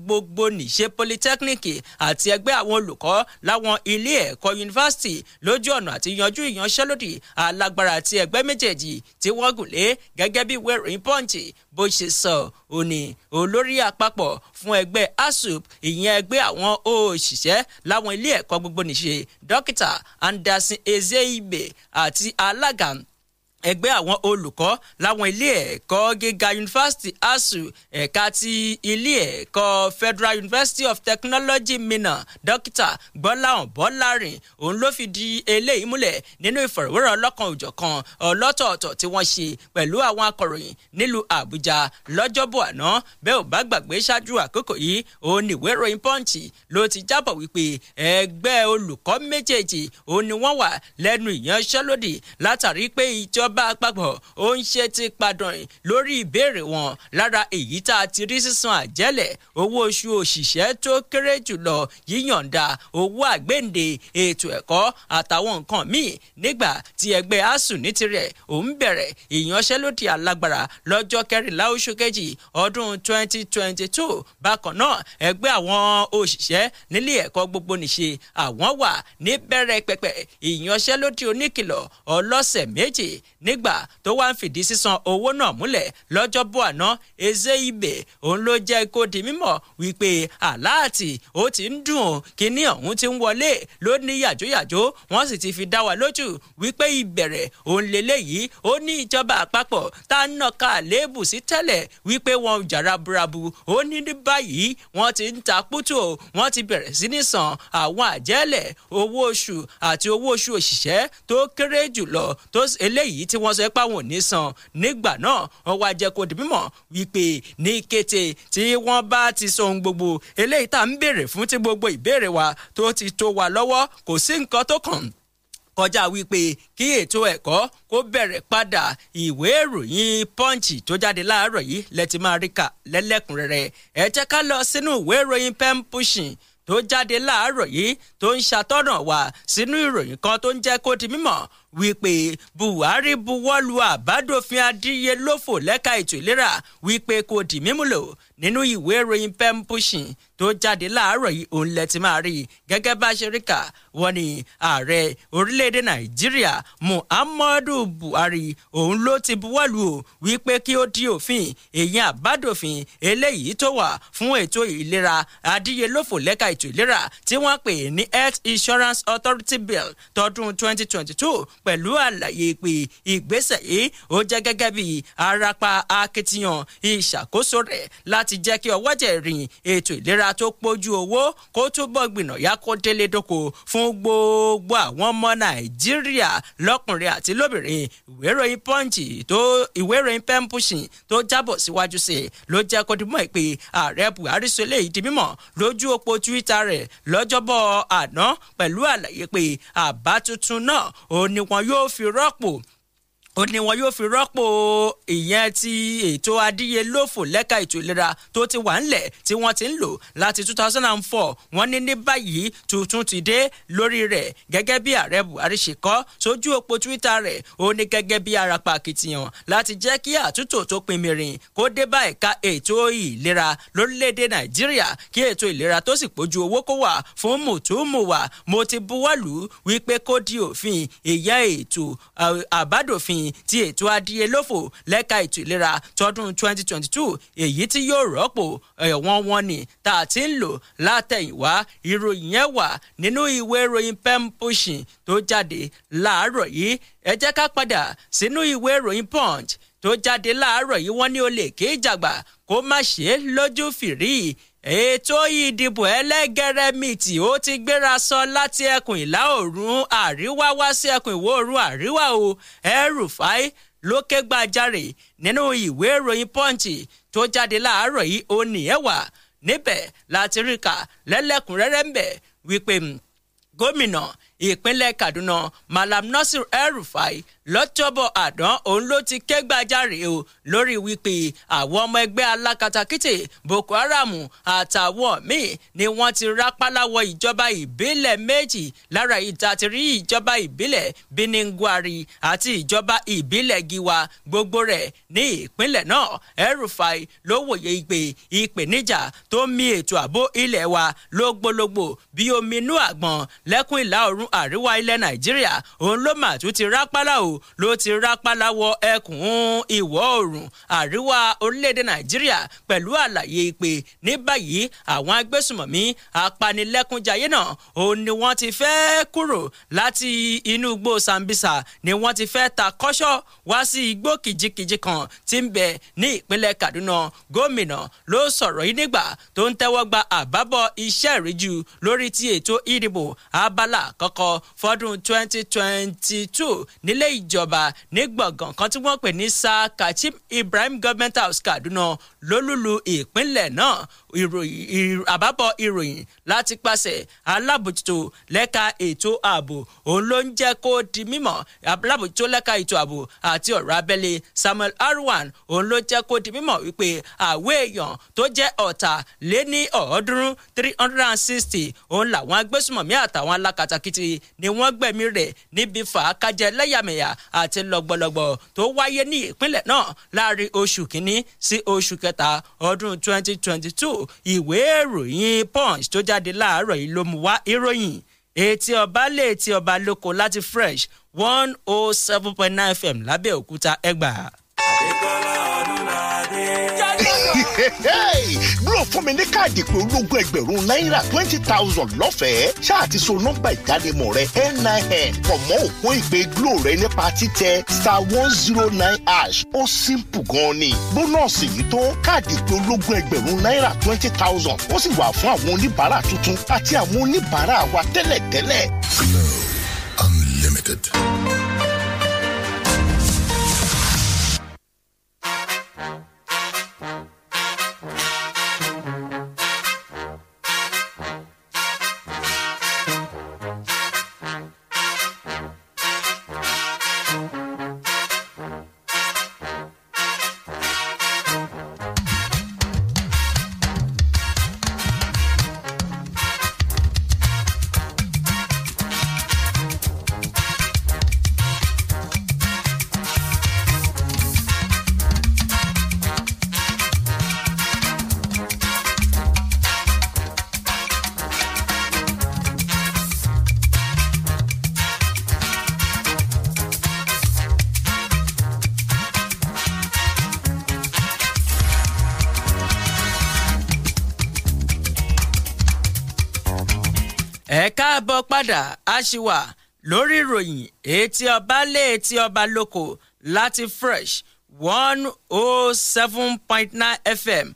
gbogbo nìṣe polytechnic àti ẹgbẹ́ àwọn olùkọ́ láwọn ilé ẹ̀kọ́ ẹ̀kọ́ yunifásitì lójú ọ̀nà àti yanjú ìyanṣẹ́lódì alágbára àti ẹgbẹ́ méjèèjì tí wọ́n gùn lé gẹ́gẹ́ bí ìwé ìròyìn punch bó ṣe sọ ò ní olórí àpapọ̀ fún ẹgbẹ́ asup ìyẹn ẹgbẹ́ àwọn òṣìṣẹ́ láwọn ilé ẹ̀kọ́ gbogbo nìṣe dókítà anderson ezeibe àti alága ẹgbẹ́ àwọn olùkọ́ láwọn ilé ẹ̀kọ́ gíga yunifásitì asu ẹ̀ka ti ilé ẹ̀kọ́ Federal University of Technology Minna dókítà gbọ́láhàn bọ́lárin òun ló fi di eléyìí múlẹ̀ nínú ìfọ̀rọ̀wérọ̀ ọlọ́kan òjọ̀kan ọlọ́tọ̀ọ̀tọ̀ tí wọ́n ṣe pẹ̀lú àwọn akọ̀ròyìn nílùú Àbújá lọ́jọ́bọ̀ àná bẹ́ẹ̀ ò bá gbàgbé ṣáájú àkókò yìí òun ni ìwé ìròyìn Punch ló ti jábọ̀ wípé ẹgbẹ́ olùkọ́ méjèèjì òun ni wọ́n wà lẹ́nu ìyanṣẹ́lódì látàrí pé ìjọba ìjọba àpapọ̀ ó ń ṣe ti padànrin lórí ìbéèrè wọn lára èyí tá a ti rí sísan àjẹ́lẹ̀ owó oṣù òṣìṣẹ́ tó kéré jùlọ yíyọ̀ǹda owó àgbéǹde ètò ẹ̀kọ́ àtàwọn nǹkan míì nígbà tí ẹgbẹ́ asuu ní tirẹ̀ òun bẹ̀rẹ̀ ìyanṣẹ́lódì alágbára lọ́jọ́ kẹrìnlá oṣù kejì ọdún 2022 bákan náà ẹgbẹ́ àwọn òṣìṣẹ́ nílé ẹ̀kọ́ gbogbo nìṣe àwọn wà níbẹ̀rẹ̀ pẹ̀pẹ̀ ìyanṣẹ́lódì oníkìlọ̀ ọlọ́sẹ̀ méjì nígbà tó wá ń fìdí sísan owó náà múlẹ̀ lọ́jọ́bọ̀ àná Ezeibe òun ló jẹ́ kó di mímọ̀ wípé aláàtì ó ti ń dùn kíní ọ̀hún ti ń wọlé ló ní yàjóyàjó wọ́n sì ti fi dá wa lójú wípé ìbẹ̀rẹ̀ òun lélẹ́yìí ó ní ìjọba àpapọ̀ tá a nàka àléébù sí tẹ́lẹ̀ wípé wọn jà raburabu ó ní ní báyìí wọ́n ti ń ta pútù o wọ́n ti bẹ̀rẹ̀ sí ní san àwọn àjẹ́lẹ̀ owó oṣù àti owó oṣù òṣìṣẹ́ tó kéré jùlọ tó eléyìí tí wọ́n sọ pé àwọn ò ní san nígbà náà wọ́n wá jẹ́ kó di mímọ̀ wípé ní kété tí wọ́n bá ti sọ ohun gbogbo eléyìí tá à ń béèrè fún tí gbogbo ìbéèrè wa tó ti tó wa lọ́wọ́ kò sí nǹkan tó kàn kọjá wípé kí ètò ẹ̀kọ́ kó bẹ̀rẹ̀ padà ìwé ìròyìn pọ́ǹchì tó jáde láàárọ̀ yìí lẹ́tì lẹ́lẹ́kùnrẹ́rẹ́ ẹ ká lọ sínú ìwé ìròyìn pen pushing tó jáde láàárọ̀ yìí tó ń ṣàtọ́nà wá sínú ìròyìn kan tó ń jẹ́ kó di mímọ̀ wípé Buhari buwọ́lu àbádòfin adíyelófò lẹ́ka ètò ìlera wípé kò di mímúlò nínú ìwé ìròyìn pemphucin tó jáde láàárọ̀ yìí òun lẹ ti máa rí i gẹ́gẹ́ bá ṣe rí kà wọ́n ní ààrẹ orílẹ̀-èdè nàìjíríà muhammadu buhari òun ló ti buwọ́lù o wípé kí ó di òfin èyí àbádòfin eléyìí tó wà fún ètò ìlera adíyelófò lẹ́ka ètò ìlera tí wọ́n pè ní health insurance authority bill tọdún 2022 pẹ̀lú àlàyé pé ìgbésẹ̀ yìí ó jẹ́ gẹ́gẹ́ bí arapa akitiyan ìṣàkóso rẹ̀ láti jẹ́ kí ọwọ́jẹ̀ rìn ètò ìlera agbára tó pójú owó kó túbọ̀ gbìnàyà kó délé dóko fún gbogbo àwọn ọmọ nàìjíríà lọ́kùnrin àti lóbìnrin ìwé ìròyìn pọ́ǹchì tó ìwé ìròyìn pẹ́ńpùṣìn tó jábọ̀ síwájú sí i ló jẹ́ kó dimọ̀ pé ààrẹ buhari sọ eléyìí di mímọ̀ lójú òpó twitter rẹ̀ lọ́jọ́bọ̀ àná pẹ̀lú àlàyé pé àbá tuntun náà òun ni wọn yóò fi rọ́pò ó ní wọn yóò fi rọ́pò ìyẹn ti ètò adíyelófò lẹ́ka ètò ìlera tó ti wà ńlẹ̀ tí wọ́n ti ń lò láti two thousand and four wọ́n ní ní báyìí tuntun ti dé lórí rẹ̀ gẹ́gẹ́ bí ààrẹ buhari ṣe kọ sójú òpó twitter rẹ̀ ó ní gẹ́gẹ́ bí arapa akitiyan láti jẹ́ kí àtúntò tó pin kó dé bá ẹ̀ka ètò ìlera lórílẹ̀ nàìjíríà kí ètò ìlera tó sì pójú owó kó wà fún mùtúmùwà mo ti buwọ́lù wípé kó di òfin ìyẹn ètò àbádòfin ti ètò adíyelófò lẹ́ka ètò ìlera tọdún 2022 èyí tí yóò rọ́pò ẹ̀wọ̀n eh, wọn ni tá a ti ń lò látẹ̀yìnwá ìròyìn yẹn wà nínú ìwé ìròyìn pen pushing tó jáde láàárọ̀ yìí ẹ jẹ́ ká padà sínú ìwé ìròyìn punch tó jáde láàárọ̀ yìí wọ́n ní olè kí kó má ṣe lójú fìrí ètò ìdìbò ẹlẹ́gẹrẹmìtì ó ti gbéra sọ láti ẹkùn ìlà oòrùn àríwá wá sí ẹkùn ìwọ̀ oòrùn àríwá o El-Rufai ló ké gbàjarè nínú ìwé ìròyìn Punch tó jáde láàárọ̀ yìí ó nìyẹn wà níbẹ̀ láti rí kà lẹ́lẹ́kùnrẹ́rẹ́ ń bẹ̀ wípé gómìnà ìpínlẹ̀ Kaduna Malam Nasir el lọ́jọ́bọ̀ àdán òun ló ti ké gbàjarè o lórí wípé àwọn ọmọ ẹgbẹ́ alákatakítì Boko Haram àtàwọn míì ni wọ́n ti rápálá wọ ìjọba ìbílẹ̀ méjì lára ìta ti rí ìjọba ìbílẹ̀ Bininguari àti ìjọba ìbílẹ̀ Giwa gbogbo rẹ̀ ní ìpínlẹ̀ náà El-Rufai ló wòye ìpè ìpèníjà tó mì ètò ààbò ilẹ̀ wa lógbólógbò bí omi inú àgbọn lẹ́kùn ìlà oòrùn àríwá ilẹ̀ Nàìjíríà òun ló mà tún ti rápálá o o ló ti rápálá wọ ẹkùn ìwọ̀ oòrùn àríwá orílẹ̀-èdè nàìjíríà pẹ̀lú àlàyé pé ní báyìí àwọn agbésùmọ̀mí apanilẹ́kúnjayé náà ó ní wọ́n ti fẹ́ kúrò láti inú igbó sambisa ni wọ́n ti fẹ́ ta kọ́ṣọ́ wá sí igbó kìjikìji kan tí ń bẹ ní ìpínlẹ̀ kaduna gómìnà ló sọ̀rọ̀ yìí nígbà tó ń tẹ́wọ́ gba àbábọ̀ iṣẹ́ ìríjú lórí ti ètò ìdìbò abala àkọ́kọ́ fọ́dún 2022 nílé ìj ìjọba ní gbọ̀ngàn kan tí wọ́n pè ní Sir Kachim Ibrahim Government House Kaduna lólùlù ìpínlẹ̀ náà ìròyìn àbábọ̀ ìròyìn láti pàṣẹ alábòjútó lẹ́ka ètò ààbò òun ló ń jẹ́ kó di mímọ̀ alábòjútó lẹ́ka ètò ààbò àti ọ̀rọ̀ abẹ́lé Samuel Arwan òun ló jẹ́ kó di mímọ̀ wípé àwọ̀ èèyàn tó jẹ́ ọ̀tà lé ní ọ̀ọ́dúnrún three hundred and sixty òun làwọn agbésùmọ̀mí àtàwọn alákatakítí ni wọ́n gbẹ̀mí rẹ̀ níbi fàákájẹ lẹ́yàmẹ̀yà àti lọ́gbọ̀lọ́gbọ̀ tó wáyé ní ìpínlẹ̀ náà láàrin oṣù kínní sí oṣù kẹta ọdún 2022 ìwé ìròyìn punch tó jáde láàárọ̀ yìí ló mú wá ìròyìn etí ọba lé etí ọba lóko láti fresh one oh seven point nine fm lábẹ́òkúta ẹgbàá. àdékọ́lá náà fún mi ní káàdì pé ológun ẹgbẹ̀rún náírà twenty thousand lọ́fẹ̀ẹ́ ṣáà ti so nọ́mbà ìdánimọ̀ rẹ nin pọ̀ mọ́ òpó ìpè glo rẹ nípa títẹ star one zero nine hash ó simple gan ni bónọ́ọ̀sì yìí tó káàdì pé ológun ẹgbẹ̀rún náírà twenty thousand ó sì wà fún àwọn oníbàárà tuntun àti àwọn oníbàárà wa tẹ́lẹ̀tẹ́lẹ̀. Glo Unlimited. thank you padà a ṣì wà lórí ìròyìn etí ọba lé etí ọba lóko láti fresh one oh seven point nine fm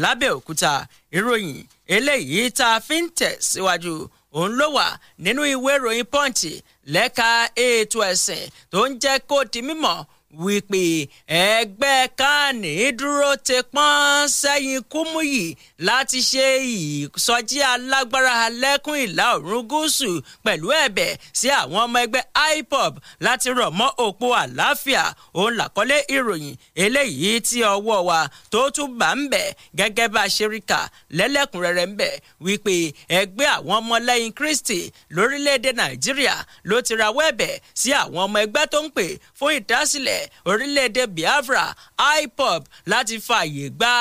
lábẹ́òkúta ìròyìn eléyìí tá a fi ń tẹ̀ síwájú òun ló wà nínú ìwé ìròyìn punch lẹ́ka ètò ẹ̀sìn tó ń jẹ́ kó di mímọ́ wípé ẹgbẹ́ kánì dúró te pọ́n sẹ́yìn kúmúyì láti ṣe ìsọjí alágbára lẹ́kùn ìlà oòrùn gúúsù pẹ̀lú ẹ̀bẹ̀ sí àwọn ọmọ ẹgbẹ́ IPOB láti rọ̀ mọ́ òpó àlàáfíà òun làkọ́lé ìròyìn eléyìí tí ọwọ́ wa tó tún bá ń bẹ̀ gẹ́gẹ́ bá a ṣe rí kà lẹ́lẹ́kùnrẹ́rẹ́ ń bẹ̀ wípé ẹgbẹ́ àwọn ọmọlẹ́yìn Kristi lórílẹ̀‐èdè Nàìjíríà ló ti rawọ́ ẹ̀bẹ̀ sí àwọn ọmọ ẹgbẹ́ tó ń pè fún ìdásílẹ̀ orílẹ̀-èdè Biafra IPOB láti fààyè gba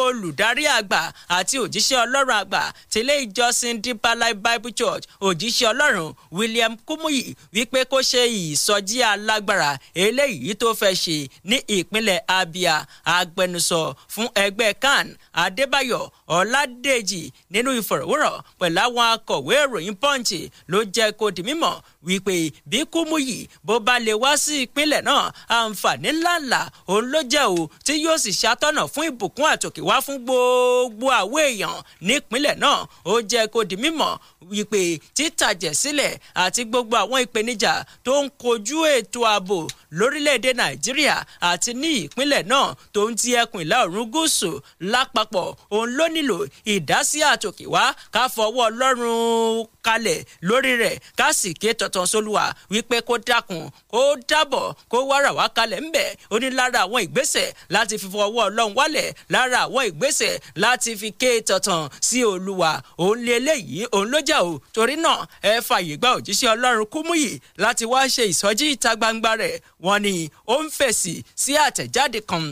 olùdarí àgbà àti òjíṣẹ́ ọlọ́run àgbà tilé ìjọsìn Deeper Life Bible Church òjíṣẹ́ ọlọ́run William Kumuyi wípé kó ṣe ìsọjí alágbára eléyìí tó fẹ́ ṣe ní ìpínlẹ̀ Abia agbẹnusọ fún ẹgbẹ́ CAN Adébáyọ̀ ọ̀làdèjì nínú ìfọ̀rọ̀wérọ̀ pẹ̀lú àwọn akọ̀wé ìròyìn punch ló jẹ́ kó di mímọ̀ wípé bí kúmúyì bó bá lè wá sí ìpínlẹ̀ náà àǹfààní ńláńlá òun ló jẹ́ o tí yóò sì ṣàtọ̀nà fún ìbùkún àtòkè wá fún gbogbo àwọn èèyàn nípínlẹ̀ náà ó jẹ́ kó di mímọ̀ wípé títàjẹ̀sílẹ̀ àti gbogbo àwọn ìpèníjà tó ń kojú ètò ààbò lórílẹ̀‐èdè nàìjíríà àti ní ìpínlẹ̀ náà tó ń ti ẹkùn ìlà oòrùn gúúsù lápapọ̀ òun ló nílò ìdásí àtòkèwá ká fọwọ́ ọlọ́run kalẹ̀ lórí rẹ̀ ká sì ké tọ̀tàn sólùwà wípé kó dákun kó dábọ̀ kó wára wá kalẹ̀ ńbẹ̀ ó ní lára àwọn ìgbésẹ̀ láti fi fọwọ́ ọlọ́run wálẹ̀ lára àwọn ìgbésẹ̀ láti fi ké tọ̀tàn sí olùwà òun lé eléyìí òun ló j lọ́jà o torí náà ẹ fààyè gba òjíṣẹ́ ọlọ́run kúmúyì láti wá ṣe ìsọjí ìta gbangba rẹ̀ wọ́n ní ó ń fèsì sí àtẹ̀jáde kan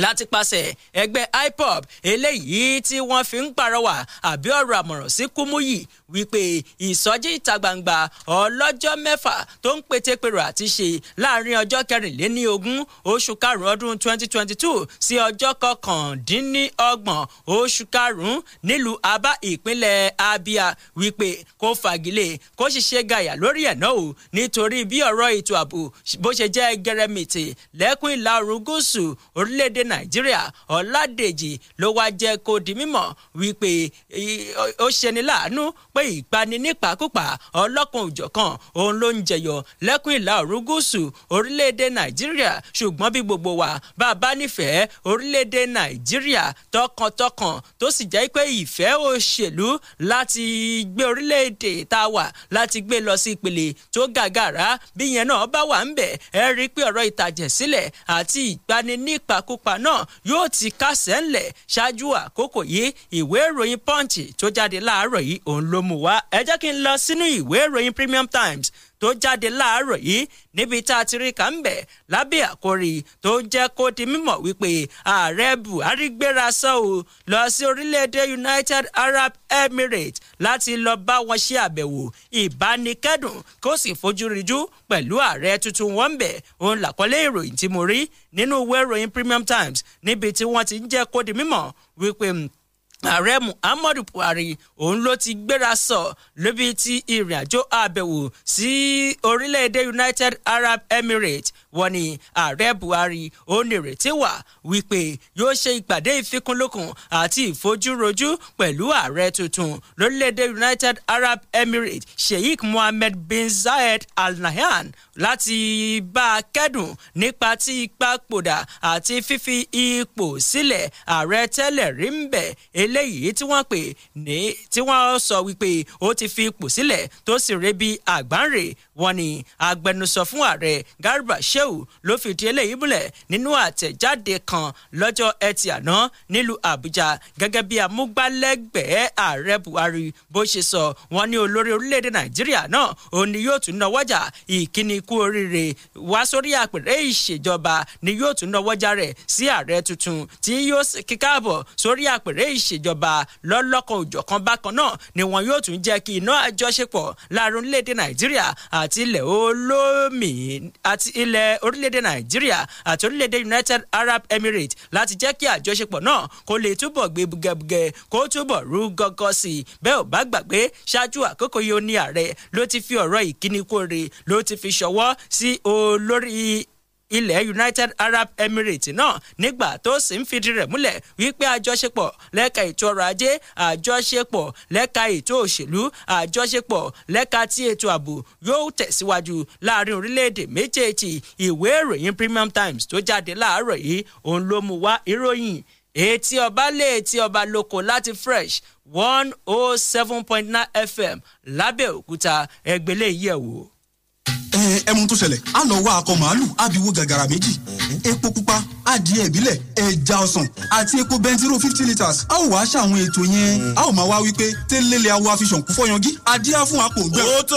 láti pàṣẹ ẹgbẹ́ ipob eléyìí tí wọ́n fi ń pàrọwà àbí ọ̀rọ̀ àmọ̀ràn sí kúmúyì wípé ìsọjí ìta gbangba ọlọ́jọ́ mẹ́fà tó ń petepero àti ṣe láàrin ọjọ́ kẹrìnléní oṣù karùn ọdún 2022 sí ọjọ́ kọkàndínníọgbọ̀n oṣù karùn-ún nílùú abá ìpínlẹ̀ abia wípé kó fagilé kó sì ṣe gàyà lórí ẹ̀ náà o nítorí bí ọ̀rọ̀ ètò ààbò bó ṣe jẹ́ gẹrẹmìtì lẹ́kùn ìlà oòrùn gúúsù orílẹ̀ nàìjíríà ọ̀làdèjì ló wá jẹ́ kó di mímọ̀ wípé ó ṣeni láàánú pé ìpani nípakúpa ọlọ́kan òjọ̀kan òun ló ń jẹyọ lẹ́kùn ìlà òru gúúsù orílẹ̀-èdè nàìjíríà ṣùgbọ́n bí gbogbo wa bá a bá nífẹ̀ẹ́ orílẹ̀-èdè nàìjíríà tọkàntọkàn tó sì jẹ́ pé ìfẹ́ òṣèlú láti gbé orílẹ̀-èdè tá a wà láti gbé lọ sí ìpele tó gàgàrà bí yẹn náà bá wà ń bẹ̀ ẹ rí i pé ọ̀rọ̀ ìtàjẹ̀sílẹ̀ àti ìgbani nípakúpa ìjọba náà yóò ti kásẹ̀ ńlẹ̀ ṣáájú àkókò yìí ìwé ìròyìn punch tó jáde láàárọ̀ yìí òun ló mú wá ẹ jẹ́ kí n lọ sínú ìwé ìròyìn premium times tó jáde láàárọ̀ yìí níbi tá a ti rí kà ń bẹ̀ lábẹ́ àkórí tó jẹ́ kó di mímọ̀ wípé ààrẹ Buhari gbéra sọ́ ò lọ sí orílẹ̀-èdè United Arab Emirates láti lọ bá wọn ṣe àbẹ̀wò ìbánikẹ́dùn kó sì fojú ríjú pẹ̀lú ààrẹ tuntun wọn bẹ̀ òun làkọlé ìròyìn tí mo rí nínú ìwé ìròyìn Premium Times níbi tí wọ́n ti ń jẹ́ kó di mímọ̀ wípé ààrẹ muhammadu buhari òun ló ti gbéra sọ lóbi ti ìrìnàjò àbẹ̀wò sí orílẹ̀-èdè united arab emirates wọ́n ní ààrẹ buhari ó nírètí wà wípé yóò ṣe ìpàdé ìfikùnlukùn àti ìfojúrojú pẹ̀lú ààrẹ tuntun lórílẹ̀‐èdè united arab emirates sheikh mohammed bin zayed al nahyan láti bá a kẹ́dùn nípa tí ìpapòdà àti fífi ipò sílẹ̀ ààrẹ tẹ́lẹ̀ rí ń bẹ̀ eléyìí tí wọ́n pè ní tí wọ́n sọ wípé ó ti fi ipò sílẹ̀ tó sì rebi àgbáǹrè wọ́n ní agbẹnusọ fún ààrẹ Garba Shehu ló fìdí eléyìí múlẹ̀ nínú àtẹ̀jáde kan lọ́jọ́ Ẹtì àná nílùú Àbújá gẹ́gẹ́ bí amúgbálẹ́gbẹ̀ẹ́ ààrẹ Buhari bó ṣe sọ wọ́n ní olórí orílẹ̀-èdè Nàìjíríà náà òun ni yóò tún nọwọ́jà ìkíni kú oríire wá sórí àpèrè ìṣèjọba ni yóò tún nọwọ́jà rẹ̀ sí ààrẹ tuntun tí yóò kí káàbọ̀ sórí àpèrè ìṣèjọba lọ́lọ́kan òjọ̀kan bákan náà ni wọn yóò tún jẹ́ kí iná àjọṣepọ̀ láàrin orílẹ̀-èdè Nàìjíríà àti ilẹ̀ olómi àti ilẹ̀ orílẹ̀-èdè nàìjíríà àti orílẹ̀-èdè united arab emirates láti jẹ́ kí àjọṣepọ̀ náà kó lè túbọ̀ gbé bugẹ̀bugẹ̀ kó túbọ̀ rú gọ́gọ́ sí i bẹ́ẹ̀ ò bá gbàgbé ṣáájú àkókò yìí ó ní ààrẹ ló ti fi ọ̀rọ̀ ìkíni kóore ló ti fi ṣọwọ́ sí olórí ilẹ̀ United Arab Emirates náà nígbà tó sì ń fìdí rẹ̀ múlẹ̀ wípé àjọṣepọ̀ lẹ́ka ètò ọrọ̀ ajé àjọṣepọ̀ lẹ́ka ètò òṣèlú àjọṣepọ̀ lẹ́ka ti ètò ààbò yóò tẹ̀síwájú láàrin orílẹ̀-èdè méjèèjì ìwé ìròyìn Premium Times tó jáde láàárọ̀ yìí òun ló mú wá ìròyìn etí ọba lé etí ọba lóko láti fresh one oh seven point nine fm lábẹ́òkúta ẹgbẹ́lẹ́ yẹ̀ wò ẹmu tó ṣẹlẹ̀ a lọ wá akọ màálù abiwo gàgàrà méjì epo pupa adìẹ ìbílẹ̀ ẹja ọsàn àti epo bẹntiró fifty litres a ó wá ṣàwọn ètò yẹn a ó máa wá wípé télélẹ̀ awo àfihàn kú fọyangí adíá fún apò gbẹ. ó tó.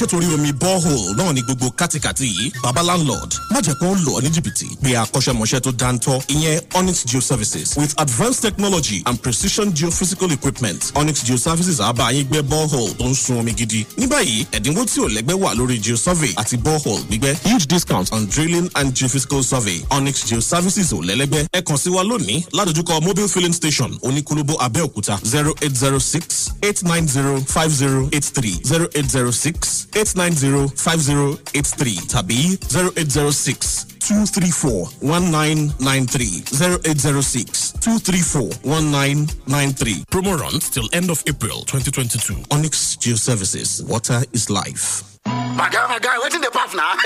ṣètòrí omi borehole náà ni gbogbo kátikàti yìí baba landlord má jẹ́ kó lọ ní jìbìtì pé akọ́ṣẹ́mọṣẹ́ tó dáńtọ́ ìyẹn onyx geoservices with advanced technology and precision geophysical equipment onyx geoservices àbá yín gbẹ́ borehole tó ń sun omi gidi ní báyìí ẹ̀dínwó tí ò lẹ́gbẹ́ wà lórí geoservices survey àti borehole gbígbẹ́ huge discount on drilling and geophysical survey onyx geo services ò lẹ́lẹ́gbẹ́ ẹ kàn sí wa lónìí ládojúkọ mobile filling station oníkólóbó abẹ́òkúta zero eight zero six eight nine zero five zero eight three zero eight zero six eight nine zero five zero eight three tàbí zero eight zero six. 234-1993-0806-234-1993. Promo runs till end of April 2022. Onyx Geo Services. Water is life my guy my guy waiting the pass now.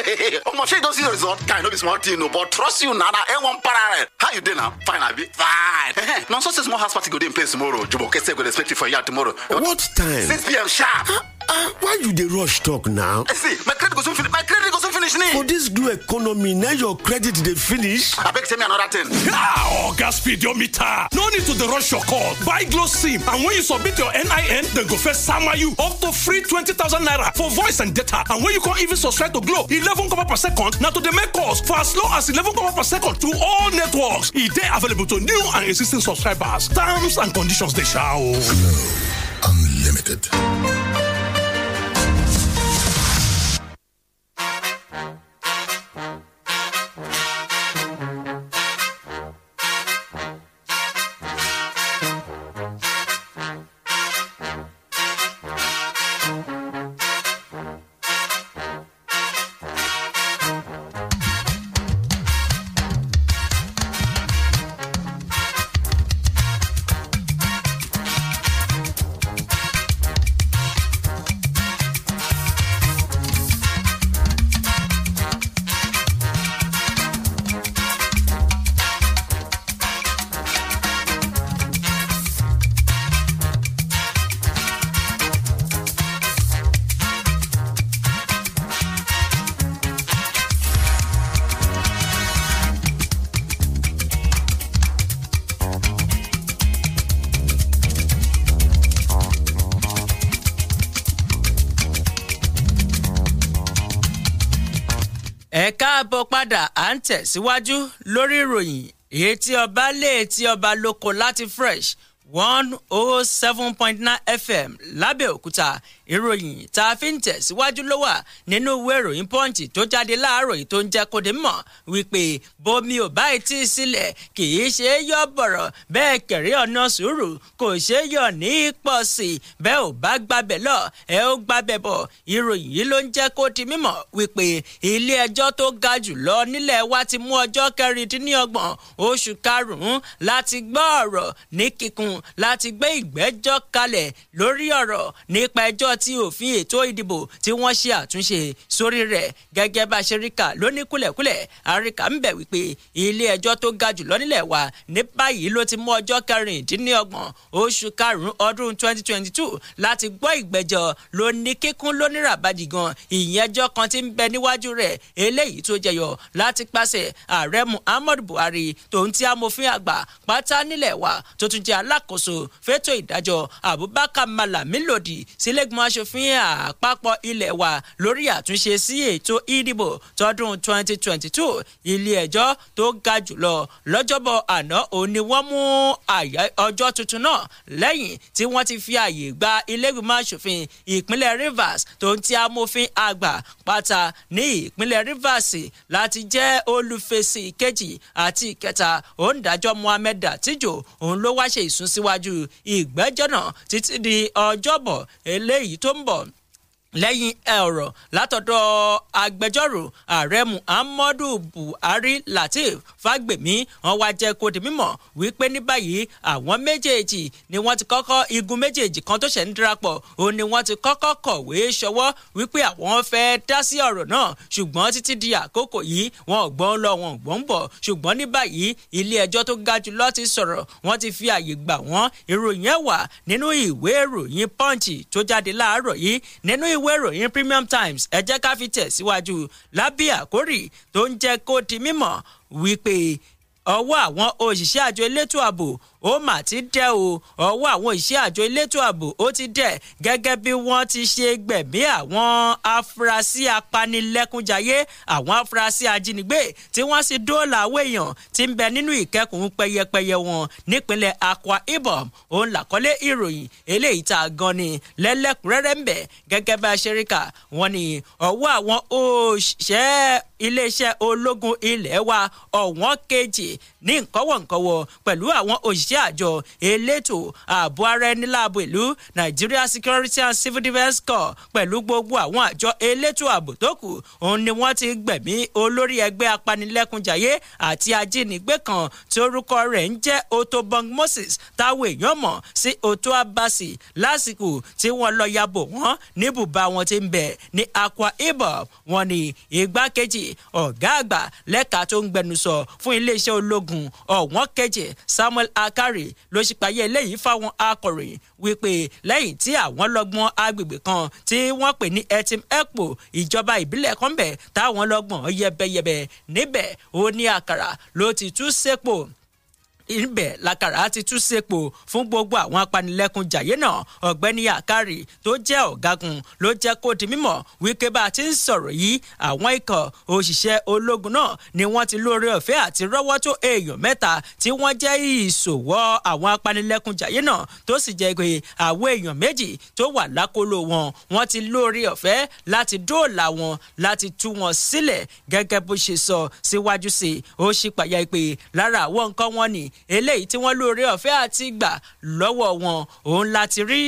omo shey you don see the result guy no be small thing No, but trust you na I a1 parallel how you doing now fine be fine na so say small house party go dey in place tomorrow jubo kese go dey expect you for yard tomorrow. what time. six pm sharp ah why you dey rush talk now. Eh, see my credit go soon finish my credit go soon finish ni. for this glue economy now your credit dey finish. abeg send me another ten. ah oga speed your meter no need to dey rush your call buy glo sim and when you submit your nin dem go first Summer you up to free twenty thousand naira for voice and data and when you can't even subscribe to glo eleven copper per second now to the make calls for as low as eleven copper per second to all networks e dey available to new and existing subscribers terms and conditions They sha o. glo unlimited. tẹ̀síwájú lórí ìròyìn etí ọba lé etí ọba lóko láti fresh one oh seven point nine fm lábẹ́òkúta ìròyìn tá a fi ń tẹ̀síwájú ló wà nínú ìwé ìròyìn punch tó jáde láàárọ̀ yìí tó ń jẹ́ kó dé mọ̀ wípé bomi ò báyìí tí sílẹ̀ kì í ṣe é yọ bọ̀rọ̀ bẹ́ẹ̀ kẹ̀rí ọ̀nà sùúrù kò ṣe é yọ ní pọ̀ sí bẹ́ẹ̀ ò bá gbabẹ̀ lọ ẹ ó gbabẹ̀ bọ̀ ìròyìn yìí ló ń jẹ́ kó di mímọ̀ wípé ilé ẹjọ́ tó ga jù lọ nílẹ̀ wa ti mú ọjọ́ kẹrìndínlọ́gbọ̀n oṣù karùn-ún láti gbọ́ ọ̀rọ̀ ní kíkún láti gbé ìgbẹ́jọ́ kalẹ̀ lórí ọ̀rọ̀ nípa ẹjọ́ ọjọ́ tí òfin ètò ìdìbò tí wọ́n ṣe àtúnṣe sórí rẹ̀ gẹ́gẹ́ bá ṣe rí kà lóní kúlẹ̀kúlẹ̀ àríkà ń bẹ̀ wípé ilé ẹjọ́ tó ga jùlọ nílẹ̀ wa ní báyìí ló ti mú ọjọ́ kẹrìndínlọ́gbọ̀n oṣù karùn-ún ọdún 2022 láti gbọ́ ìgbẹ́jọ́ lóní kíkún lóníràbàdì gan ìyẹnjọ́ kan ti ń bẹ níwájú rẹ̀ eléyìí tó jẹyọ láti pàṣẹ ààrẹ Muhammadu Buhari tòun ti amòfin àgbà pátá nílẹ̀ wa tó tún jẹ́ alákòóso fétò ìdájọ́ Abubakar Malami lòdì sílẹ̀gbọ́n aṣòfin àpapọ̀ ilẹ̀ wa lórí àtúnṣe sí ètò ìdìbò tọdún 2022 ilé ẹjọ́ tó ga jùlọ lọ́jọ́bọ̀ àná òun ni wọ́n mú ọjọ́ tuntun náà lẹ́yìn tí wọ́n ti fi ààyè gba ilé-ìgbìmọ̀ aṣòfin ìpínlẹ̀ Rivers tó ń ti amòfin àgbà pátá ní ìpínlẹ̀ Rivers láti jẹ́ olùfèsì kejì àti ìkẹta òǹdájọ́ Mohammed Datijo òun ló wá ṣe ìsúnsíwájú ìgbẹ́jọ́ náà títí di ọjọ́bọ̀ eléyìí Tombo. lẹ́yìn ọ̀rọ̀ látọ̀dọ̀ agbẹjọ́rò ààrẹ muhammadu buhari latif, fagbemi wọ́n wá jẹ́ kó di mímọ̀ wípé ní báyìí àwọn méjèèjì ni wọ́n ti kọ́kọ́ igun méjèèjì kan tó ṣẹ̀ ń darapọ̀ òun ni wọ́n ti kọ́kọ́ kọ̀wé ṣọwọ́ wípé àwọn fẹ́ dá sí ọ̀rọ̀ náà ṣùgbọ́n títí di àkókò yìí wọn ò gbọ́n lọ wọn ò gbọ́n bọ̀ ṣùgbọ́n ní báyìí ilé ẹjọ́ tó ga jù ti sọ̀rọ̀ wọ́n ti fi àyè gbà wọ́n ìròyìn ẹ̀wà nínú ìwé ìròyìn punch tó jáde láàárọ̀ yìí nínú ìw ìwé ìròyìn Premium Times ẹ jẹ́ ká fi tẹ̀síwájú lábíà kórì tó ń jẹ́ kó di mímọ̀ wípé ọwọ́ àwọn òṣìṣẹ́ àjọ elétò ààbò ó mà ti dẹ o ọwọ́ àwọn iṣẹ́ àjọ elétò ààbò ó ti dẹ gẹ́gẹ́ bí wọ́n ti ṣe gbẹ̀mí àwọn afurasí apanilẹ́kúnjayé àwọn afurasí ajínigbé tí wọ́n sì dóòlà àwọn èèyàn tí ń bẹ nínú ìkẹ́kùn pẹyẹpẹyẹ wọn nípínlẹ̀ Akwa Ibom òun làkọ́lé ìròyìn eléyìí tá a gan ni lẹ́lẹ́kùnrẹ́rẹ́ ń bẹ̀ gẹ́gẹ́ bá a ṣe rí kà wọ́n ní ọwọ́ àwọn òṣìṣẹ́ iléeṣẹ́ ológun ilé wa ọ̀wọ́n kejì ní nkọ́wọ̀nkọ́wọ́ pẹ̀lú àwọn òṣìṣẹ́ àjọ elétò ààbò ara ẹni láàbò ìlú Nigeria Security and Civil Defence Corps pẹ̀lú gbogbo àwọn àjọ elétò ààbò tó kù òun ni wọ́n ti gbẹ̀mí olórí ẹgbẹ́ apanilẹ́kunjayé àti ajínigbé kan tí orúkọ rẹ̀ ń jẹ́ Otobong Moses táwọn èèyàn mọ̀ sí Oto Abasi lásìkò tí wọ́n lọ yabò wọ́n níbùbá wọn ti ń bẹ̀ ní Akwa Ibom wọ́n ní igbákejì ọ̀gá àgbà lẹ́ka tó ń gbẹnusọ fún iléeṣẹ́ ológun ológun ọ̀wọ́n kẹjẹ Samuel Akare ló ṣípayé eléyìí fáwọn akọ̀ròyìn wípé lẹ́yìn tí àwọn lọ́gbọ́n agbègbè kan tí wọ́n pè ní Etim Ekpo ìjọba ìbílẹ̀ kan bẹ̀ táwọn lọ́gbọ́n yẹbẹyẹbẹ níbẹ̀ ó ní àkàrà ló ti tú sépò ibẹ̀ làkàrà ti tú sépò fún gbogbo àwọn apanilẹ́kunjayé náà ọ̀gbẹ́ni àkárì tó jẹ́ ọ̀gágun ló jẹ́ kó di mímọ̀ wíkẹ́ bá a ti ń sọ̀rọ̀ yìí àwọn ikọ̀ òṣìṣẹ́ ológun náà ni wọ́n ti lóore ọ̀fẹ́ àti rọ́wọ́ tó èèyàn mẹ́ta tí wọ́n jẹ́ ìṣòwò àwọn apanilẹ́kunjayé náà tó sì jẹ́ pé àwọn èèyàn méjì tó wà lákòlò wọn wọ́n ti lóore ọ̀fẹ́ láti dóòlà wọn láti tú wọn sílẹ̀ gẹ́gẹ́ bó ṣe sọ síwájú sí i ó ṣípayá pé lára àwọn nǹkan wọn ni eléyìí tí wọ́n lóore ọ̀fẹ́ àti gbà lọ́wọ́ wọn òun láti rí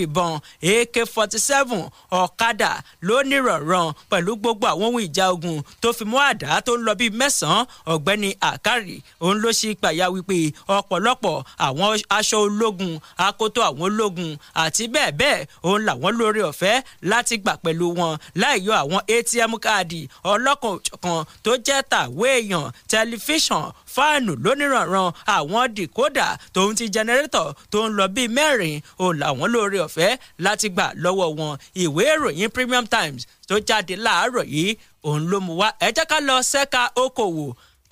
ìbọn ak forty seven ọ̀kadà lónírọ̀ràn pẹ̀lú gbogbo àwọn ohun ìjà ogun tó fi mú àdá tó ń lọ bíi mẹ́sàn-án ọ̀gbẹ́ni àkárì òun ló ṣe pàyà wípé ọ̀pọ̀lọpọ̀ àwọn aṣọ ológun akoto àwọn ológun àti bẹ́ẹ̀ bẹ́ẹ̀ òun làwọn lóore ọ̀fẹ́ láti gbà pẹ̀lú wọn láì yọ àwọn atm káàdì ọlọ́kan òjọ̀kan tó jẹ́ tàwé èèyàn tẹlifíṣàn fáànù lóníranran àwọn dìkódà tòun ti jẹnẹrétọ̀ tó ń lọ bíi mẹ́rin òun làwọn lóore ọ̀fẹ́ láti gbà lọ́wọ́ wọn ìwé ìròyìn Premium Times tó jáde láàárọ̀ yìí òun ló mú wá ẹ jẹ́ ká lọ ṣẹ́ka okòwò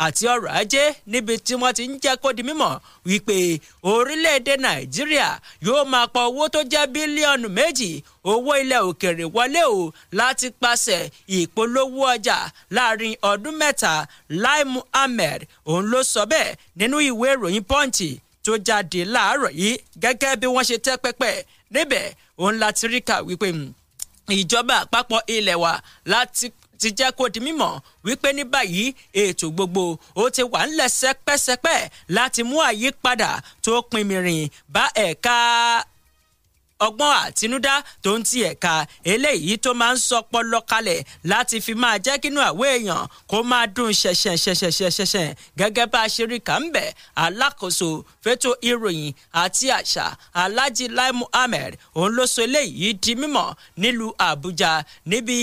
àti ọrọ̀ ajé níbi tí wọ́n ti ń jẹ́ kó di mímọ̀ wípé orílẹ̀-èdè nàìjíríà yóò máa pa owó tó jẹ́ bílíọ̀nù méjì owó ilẹ̀ òkèrè wọlé o láti pàṣẹ ìpolówó ọjà láàrin ọdún mẹ́ta Lai Muhammed òun ló sọ bẹ́ẹ̀ nínú ìwé ìròyìn pọ́ǹtì tó jáde láàárọ̀ yìí gẹ́gẹ́ bí wọ́n ṣe tẹ́ pẹ́pẹ́ níbẹ̀ òun láti rí wípé hmm, ìjọba àpapọ̀ ilẹ̀ wa láti ti jẹ́ kó di mímọ̀ wípé ní báyìí ètò gbogbo ó ti wà ńlẹ̀ sẹ́pẹ́sẹ́pẹ́ láti mú àyípadà tó pinmirin bá ẹ̀ka ọgbọ́n àtinúdá tó ń ti ẹ̀ka eléyìí tó máa ń sọpọlọ kalẹ̀ láti fi máa jẹ́ kínú àwọ̀ èèyàn kó máa dùn ṣẹ̀ṣẹ̀ ṣẹ̀ṣẹ̀ ṣẹ̀ṣẹ̀ gẹ́gẹ́ bá a ṣe rí kà ń bẹ̀ alákòóso fẹ́tò ìròyìn àti àṣà alhaji lai muhammed òun ló sọ eléyìí di mímọ̀ nílùú àbújá níbi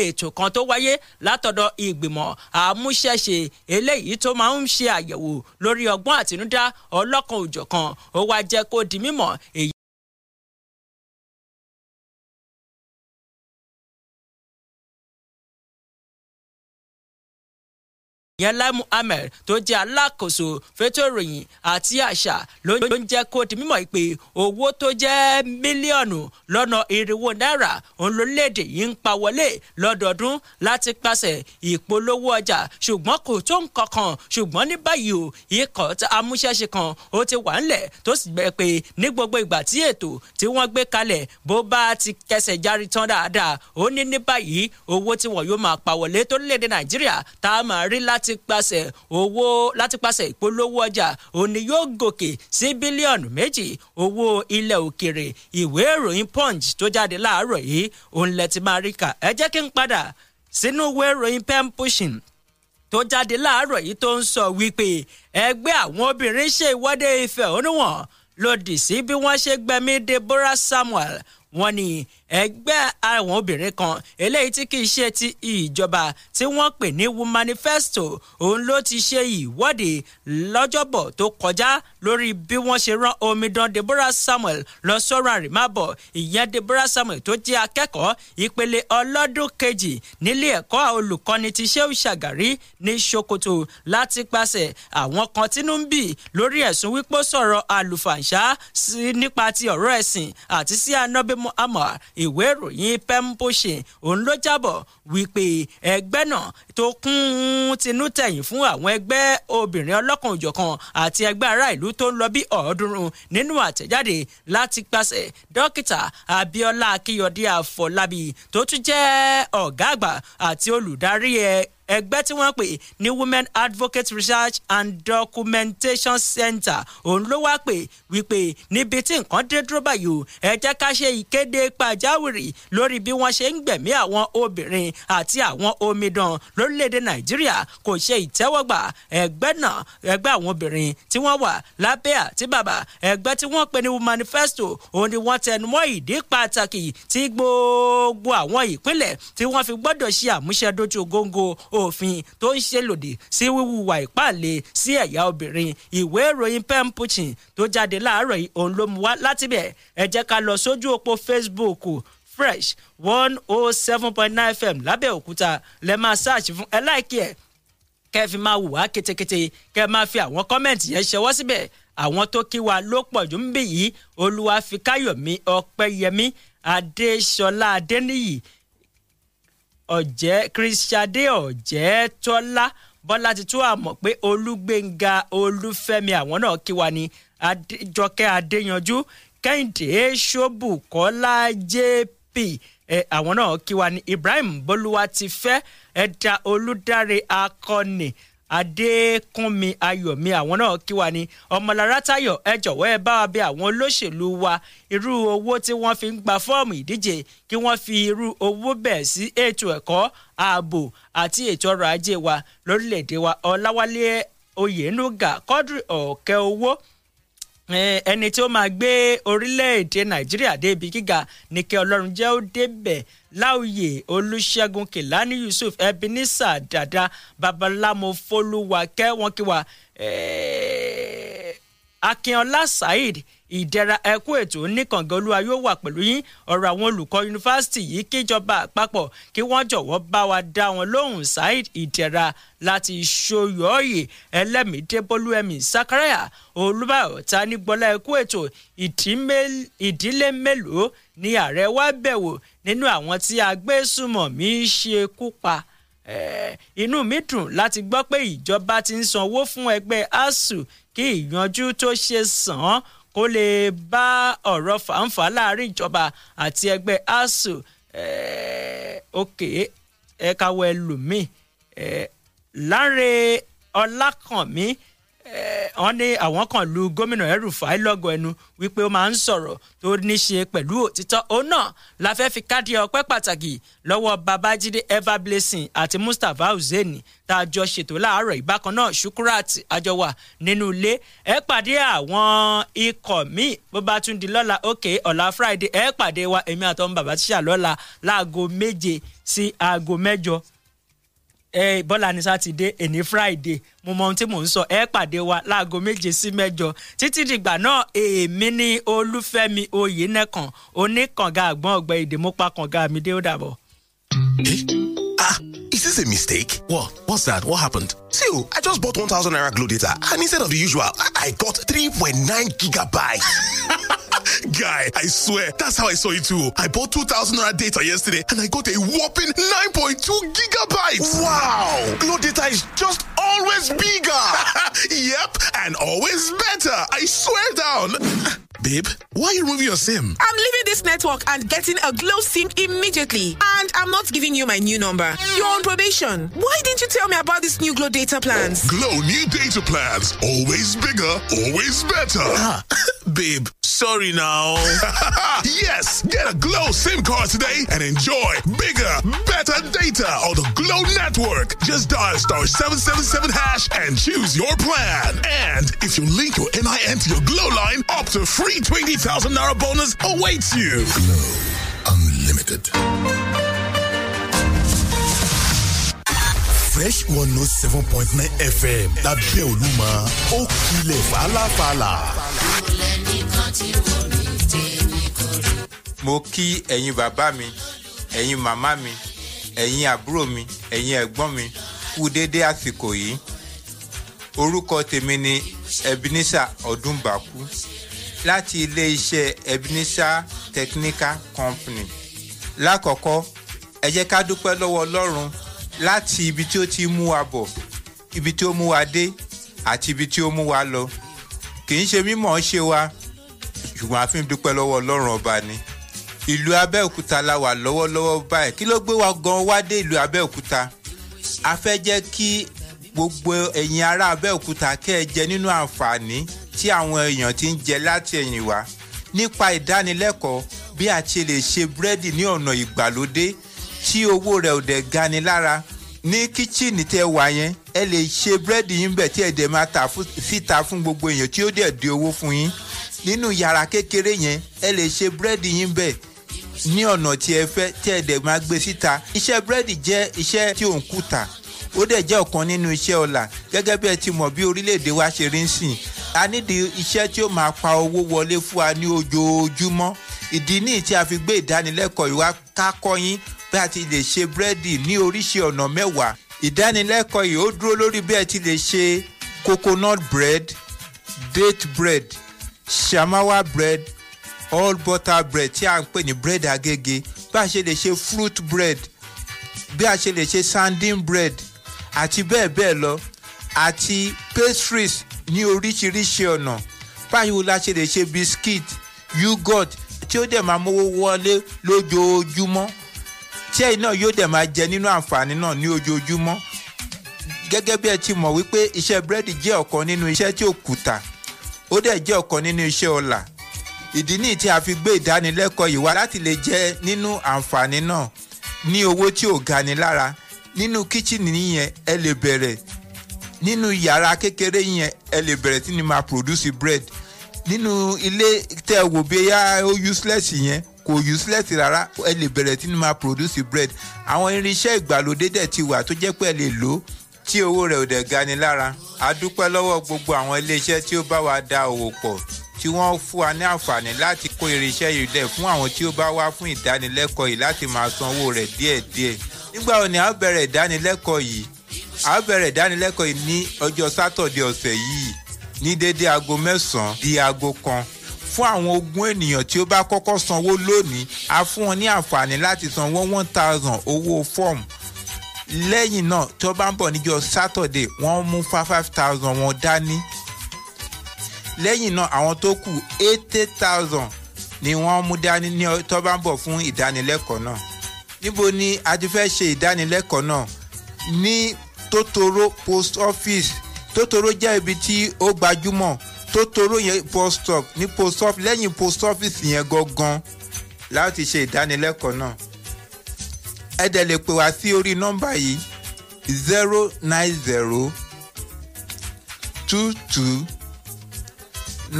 ètò kan tó wáyé látọ̀dọ̀ ìgbìmọ̀ àmúṣẹ́ṣe eléyìí tó máa ń ṣe àyẹ̀wò lórí ọgbọ́n àtinúdá ọlọ́kan òjọ̀kan ó wá jẹ́ kó di mímọ̀ èyí. ìyẹn lai muhammed tó jẹ́ alákòóso fétò ìròyìn àti àṣà ló ń jẹ́ kó di mímọ̀ pé owó tó jẹ́ mílíọ̀nù lọ́nà irinwó náírà òun lórílẹ̀‐èdè yìí ń pa wọlé lọ́dọọdún láti pàṣẹ ìpolówó ọjà ṣùgbọ́n kò tó nǹkan kan ṣùgbọ́n ní báyìí o ikọ̀ amúṣẹ́ṣe kan ó ti wà ńlẹ̀ tó sì bẹ́ẹ̀ pé ní gbogbo ìgbà tí ètò tí wọ́n gbé kalẹ̀ bó bá ti kẹsẹ̀ járí tán dáadáa ó ní ní báyìí owó tí wọn yóò máa pa wọlé tó lórílẹ̀‐èdè láti pàṣẹ owó láti pàṣẹ ìpolówó ọjà òní yóò gòkè sí bílíọ̀nù méjì owó ilẹ̀ òkèrè ìwé ìròyìn punch tó jáde láàárọ̀ yìí òun lẹ ti máa rí kà ẹ jẹ́ kí n padà sínú ìwé ìròyìn pen pushing tó jáde láàárọ̀ yìí tó ń sọ wípé ẹgbẹ́ àwọn obìnrin ṣe ìwọ́de ìfẹ̀hónúhàn lòdì sí bí wọ́n ṣe gbẹ̀mí Deborah Samuel wọ́n ní ẹgbẹ́ àwọn obìnrin kan eléyìí tí kìí ṣe ti ìjọba tí wọ́n pè ní Womanifesto òun ló ti ṣe ìwọ́de lọ́jọ́bọ̀ tó kọjá lórí bí wọ́n ṣe rán omidan Deborah Samuel lọ sọ́run àrèmábọ̀ ìyẹn Deborah Samuel tó jẹ́ akẹ́kọ̀ọ́ ìpele ọlọ́dún kejì nílé ẹ̀kọ́ olùkọ́ni ti Shehu Shagari ní Sokoto láti pàṣẹ àwọn kan tínú ń bì lórí ẹ̀sùn wípé sọ̀rọ̀ àlùfàǹṣá nípa ti ọ̀rọ̀ ẹ̀sìn àti sí Ànábì Muhammad ìwé ìròyìn pembushi òun ló jábọ̀ wípé ẹgbẹ́ náà tó kún tinú tẹ̀yìn fún àwọn ẹgbẹ́ obìnrin ọlọ́kan òjọ̀kan àti ẹgbẹ́ ará ìlú tó ń lọ bí ọ̀ọ́dúnrún nínú àtẹ̀jáde láti pàṣẹ dókítà Abíọ́lá Akínyọ̀dé Àfọlábí tó tún jẹ́ ọ̀gá àgbà àti olùdarí ẹ̀ ẹgbẹ́ tí wọ́n pè ní women advocate research and documentation center òun ló wá pè wípé níbi tí nǹkan dé dúró báyìí o ẹ jẹ́ ká ṣe ìkéde pàjáwìrì lórí bí wọ́n ṣe ń gbẹ̀mí àwọn obìnrin àti àwọn omidan lórílẹ̀‐èdè nàìjíríà kò ṣe ìtẹ́wọ́gbà ẹgbẹ́ náà ẹgbẹ́ àwọn obìnrin tí wọ́n wà lábẹ́ àti bàbá ẹgbẹ́ tí wọ́n pè ní manifesto òun ni wọ́n tẹnumọ́ ìdí pàtàkì tí gbogbo àwọn ìpínlẹ̀ tí wọ́n fi gbọ́dọ̀ ṣe àmúṣẹ́dójú góńgó òfin tó ń ṣe lòdì sí wíwúwa ìpáàlè sí ẹ̀yà obìnrin ìwé ìròyìn pen pushing tó jáde láàárọ̀ yìí òun ló mú wá látibẹ̀ ẹ jẹ́ ká lọ sójú òpó Facebook fresh one oh seven point nine fm lábẹ́òkúta lẹ́ máa ṣáàṣì fún ẹ láìkí ẹ̀ kẹ́ fi máa wù wá ketekete kẹ́ máa fi àwọn kọ́mẹ̀ntì yẹn ṣẹwọ́ síbẹ̀ àwọn tó kí wa ló pọ̀ jù ń bì yìí olúwa fi káyọ̀mí ọpẹ́yẹmí adéṣọlá adéníyì ọ̀jẹ́ kírísíadé ọ̀jẹ́ tọ́lá bọ́lá ti tú àmọ̀ pé olúgbénga olúfẹ́mi àwọn náà kí wa ni adéjọkẹ́ adéyanjú kẹ́hìndé ṣóbùkọ́lá jp àwọn náà kí wa ni ibrahim bolúwatifẹ́ ẹ̀dà olùdarí akọni adékúnmi ayọ̀mí àwọn náà kí wa ni ọmọlára táyọ̀ ẹ jọ̀wọ́ ẹ bá wa bẹ̀ àwọn olóṣèlú wa irú owó tí wọ́n fi ń gba fọ́ọ̀mù ìdíje kí wọ́n fi irú owó bẹ́ẹ̀ sí ètò ẹ̀kọ́ ààbò àti ètò ọrọ̀ ajé wa lórílẹ̀‐èdè wa ọláwálé oyènúgà kọ́dùrì ọ̀kẹ́ owó ẹni tí ó máa gbé orílẹ̀-èdè nàìjíríà dé ibi gíga ní kí ọlọ́run jẹ́ ó débẹ̀ láòyè olùṣègùn kìlání yusuf ebenezer dada babaláwo fọlùwàkẹ́ wọn kí wa akínọlá saheed ìdẹ̀ra ẹ̀kú ètò oníkànga olúwa yóò wà pẹ̀lú yín ọ̀rọ̀ àwọn olùkọ́ yunifásitì yìí kíjọba àpapọ̀ kí wọ́n jọ̀wọ́ bá wa dá wọn lóhùn Saheed ìdẹ̀ra láti ṣòyọ́ọ̀yè ẹlẹ́mìdébólúẹ̀mí Sakaraya olúbàyọ̀ ta ní gbọ́lá ẹ̀kú ètò ìdílé mélòó ni ààrẹ wá bẹ̀wò nínú àwọn tí agbésùmọ̀mí ṣekú pa inú mi dùn láti gbọ́ pé ìjọba ti ń sanwó fún ẹgbẹ́ ASUU kí ìyanjú tó ṣe sàn án kó lè bá ọ̀rọ̀ fàǹfà láàrin ìjọba àti ẹgbẹ́ asuu òkè ẹ̀ka wọ ẹlòmíì Láńre Ọlákànmí. Eh, okay. eh Eh, wọ́n ní àwọn kan lu gómìnà El-Rufai lọ́gọ̀ ẹnu wípé ó máa ń sọ̀rọ̀ tó ní ṣe pẹ̀lú òtítọ́ òun náà la fẹ́ fi káàdì ọpẹ́ pàtàkì lọ́wọ́ Babájídé Ever Blessing àti Mustapha Hussein tá a jọ ṣètò láàárọ̀ ìbákan náà Shukurat àjọwà nínú ilé ẹ pàdé àwọn ikọ̀ míì bó bá tún di lọ́la òkè ọ̀la Friday ẹ pàdé wa èmi àtọ́mú bàbá tíṣà lọ́la láago méje sí aago mẹ́jọ bọ́lá ní sátidé èní friday mo mọ ohun tí mò ń sọ ẹ pàdé wa láago méje sí mẹ́jọ títí dìgbà náà èmi ní olúfẹ́mi oyinẹ̀kan oníkànga àgbọ̀n ọ̀gbẹ́ èdè kànga mi dé ó dàbọ̀. ah is this a mistake? what what's that what happened? see oh, i just bought 1,000 naira glow data and instead of the usual i, got 3.9 gigabytes. Guy, I swear, that's how I saw you too. I bought 2,000 Naira data yesterday and I got a whopping 9.2 gigabytes. Wow! Glow data is just always bigger. yep, and always better. I swear down. Babe, why are you removing your SIM? I'm leaving this network and getting a Glow SIM immediately. And I'm not giving you my new number. You're on probation. Why didn't you tell me about this new Glow data plans? Glow new data plans. Always bigger, always better. Ah, babe, sorry now. yes, get a Glow SIM card today and enjoy bigger, better data on the Glow network. Just dial star 777 hash and choose your plan. And if you link your NIN to your Glow line, up to free free naira bonus awaits you. Glow Unlimited. Fresh One Note 107.9 FM That lábẹ́ Olúmọ ó kilẹ̀ fàlàfàlà. Mo kí ẹ̀yin bàbá mi ẹ̀yin màmá mi ẹ̀yin àbúrò mi ẹ̀yin ẹ̀gbọ́n mi kú déédéé àsìkò yìí orúkọ tèmi ni Ebenezer Ọdúnbàkú láti iléeṣẹ́ Ebenezer Technical Company. lákọ̀ọ́kọ́ ẹ jẹ́ ká dúpẹ́ lọ́wọ́ Ọlọ́run láti ibi tí ó ti mú wa bọ̀ ibi tí ó mú wa dé àti ibi tí ó mú wa lọ kì í ṣe mímọ̀ ṣe wa ṣùgbọ́n a dúpẹ́ lọ́wọ́ Ọlọ́run ọba ni ìlú Abẹ́òkúta la wà lọ́wọ́lọ́wọ́ báyìí kí ló gbé wa gan wá dé ìlú Abẹ́òkúta a fẹ́ jẹ́ kí gbogbo ẹ̀yin ará Abẹ́òkúta kẹ́ ẹ jẹ nínú àǹfààní tí àwọn èèyàn ti ń jẹ láti ẹ̀yìn wá nípa ìdánilẹ́kọ̀ọ́ bí a ti lè ṣe búrẹ́dì ní ọ̀nà ìgbàlódé tí owó rẹ̀ ò dẹ̀ gani lára ní kíchìnì tẹ wà yẹn ẹ lè ṣe búrẹ́dì yín bẹ̀ tí ẹ dẹ̀ máa tà síta fún gbogbo èèyàn tí ó dẹ̀ di owó fún yín nínú yàrá kékeré yẹn ẹ lè ṣe búrẹ́dì yín bẹ̀ ní ọ̀nà tí ẹ fẹ́ tí ẹ dẹ̀ máa gbé síta iṣẹ́ búrẹ́dì jẹ́ iṣẹ́ tí òun ó dẹ̀ jẹ́ ọ̀kan nínú iṣẹ́ ọ̀la gẹ́gẹ́ bí ẹ ti mọ̀ bí orílẹ̀-èdè wa ṣe rí ń sìn a nídìí iṣẹ́ tí ó máa pa owó wọlé fún wa ní ojoojúmọ́ ìdí nìyí tí a fi gbé ìdánilẹ́kọ̀ọ́ ìwà kákọ́yín bí a ti lè ṣe búrẹ́dì ní oríṣi ọ̀nà mẹ́wàá ìdánilẹ́kọ̀ọ́ yìí ó dúró lórí bí ẹ ti lè ṣe coconut bread date bread shamawa bread all butter bread tí a ń pè ní bread agége bí a ṣe lè ṣe fruit bread bí a ṣe lè ṣe sanding bread àti bẹ́ẹ̀ bẹ́ẹ̀ lọ àti pastries ní oríṣiríṣi ọ̀nà báyìí la ṣe lè ṣe biscuit yogurt tí ó dẹ̀ máa mówó wọlé lójoojúmọ́ tí ẹ̀yin náà yóò dẹ̀ máa jẹ nínú àǹfààní náà ní ojoojúmọ́ gẹ́gẹ́ bí ẹ ti mọ̀ wípé iṣẹ́ búrẹ́dì jẹ́ ọ̀kan nínú iṣẹ́ tí ò kùtà ó dẹ̀ jẹ́ ọ̀kan nínú iṣẹ́ ọlà ìdí nìyí tí a fi gbé ìdánilẹ́kọ̀ọ́ yìí wá láti lè jẹ nínú àǹfààní náà ní owó tí ò gani lára nínú kíchìnì yẹn ẹ lè bẹ̀rẹ̀ nínú yàrá kékeré yẹn ẹ lè bẹ̀rẹ̀ tí ni máa produce bread nínú ilé tẹ́ ẹ wò bóyá ó useless yẹn kò useless rárá ẹ lè bẹ̀rẹ̀ tí ni máa produce bread àwọn irinṣẹ́ ìgbàlódé dẹ̀ ti wà tó jẹ́ pé ẹ lè lò ó tí owó rẹ̀ ò dẹ̀ gani lára a dúpẹ́ lọ́wọ́ gbogbo àwọn iléeṣẹ́ tí ó bá wa da òwò pọ̀ tí wọ́n fún wa ní àǹfààní láti kó irinṣẹ́ yìí lẹ̀ fún àwọn tí ó bá wá fún ìdánilẹ́kọ̀ọ́ yìí láti máa sanwó rẹ̀ díẹ̀díẹ̀ nígbà wo ni a bẹ̀rẹ̀ ìdánilẹ́kọ̀ọ́ yìí a bẹ̀rẹ̀ ìdánilẹ́kọ̀ọ́ yìí ní ọjọ́ sátọ̀dẹ̀ ọ̀sẹ̀ yìí ní dédé aago mẹ́sàn-án di aago kan fún àwọn ogún ènìyàn tí ó bá kọ́kọ́ sanwó lónìí a fún wọn ní àǹfààní láti san one thousand owó fọ́ọ̀mù lẹ́yìn náà tí wọ́n bá ń bọ̀ níjọ́ sátọ̀dẹ̀ wọ́n mú five thousand wọn dání lẹ́yìn náà àwọn tó kù eighty thousand ni wọ́n mú dání tí wọ́n bá ń bọ̀ fún ìdánilẹ́kọ̀ọ́ náà níbo ni a ti fẹ́ ṣe ìdánilẹ́kọ̀ọ́ náà ní Totoro post office Totoro jẹ́ ibi tí ó gbajúmọ̀ Totoro yẹn post stop ní post office lẹ́yìn post office yẹn gangan láti ṣe ìdánilẹ́kọ̀ọ́ náà ẹ dẹ̀ lè pè wá sí orí nọ́mbà yìí zero nine zero two two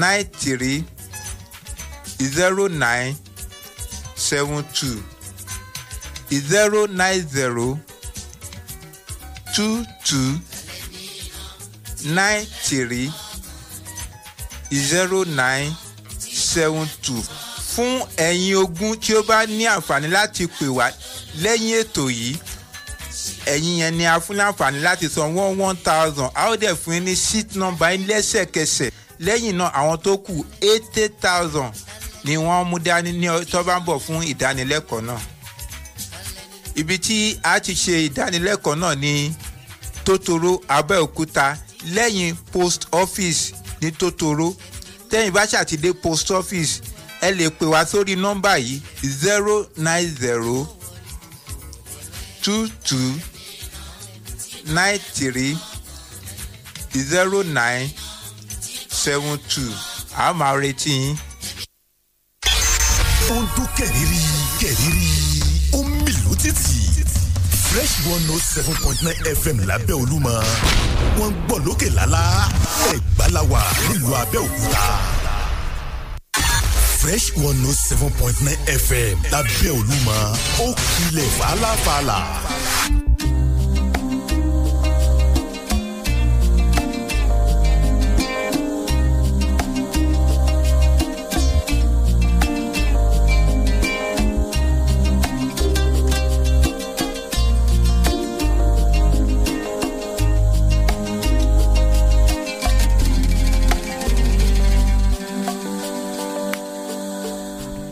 nine three zero nine seven two zero nine zero two two nine three zero nine seven two fún ẹ̀yin ogún tí ó bá ní àǹfààní láti pè wá lẹ́yìn ètò yìí ẹ̀yin yẹn ni a fún láǹfààní láti san one one thousand a ó dẹ̀ fún yín ní sheet number yín lẹ́sẹ̀kẹsẹ̀ lẹ́yìn náà àwọn tó kù eighty thousand ni wọ́n mú dání ní tó bá ń bọ̀ fún ìdánilẹ́kọ̀ọ́ náà ibi tí a ti ṣe ìdánilẹ́kọ̀ọ́ náà ní Tòtòrò Abẹ́òkúta lẹ́yìn post office ní Tòtòrò tẹ́yìn bá ṣàtidé post office ẹ lè pè wá sórí nọ́mbà yìí zero nine zero two two nine three zero nine seven two a máa retí yín. ó ń dún kẹ̀rìírí kẹ̀rìírí títì fresh one note oh seven point nine fm lábẹ́ olúmọ wọ́n ń gbọ́ lókè lálá ẹ̀gbálawa nílùú abẹ́òkúta fresh one note oh seven point nine fm lábẹ́ olúmọ ó kilẹ̀ fàlàfàlà.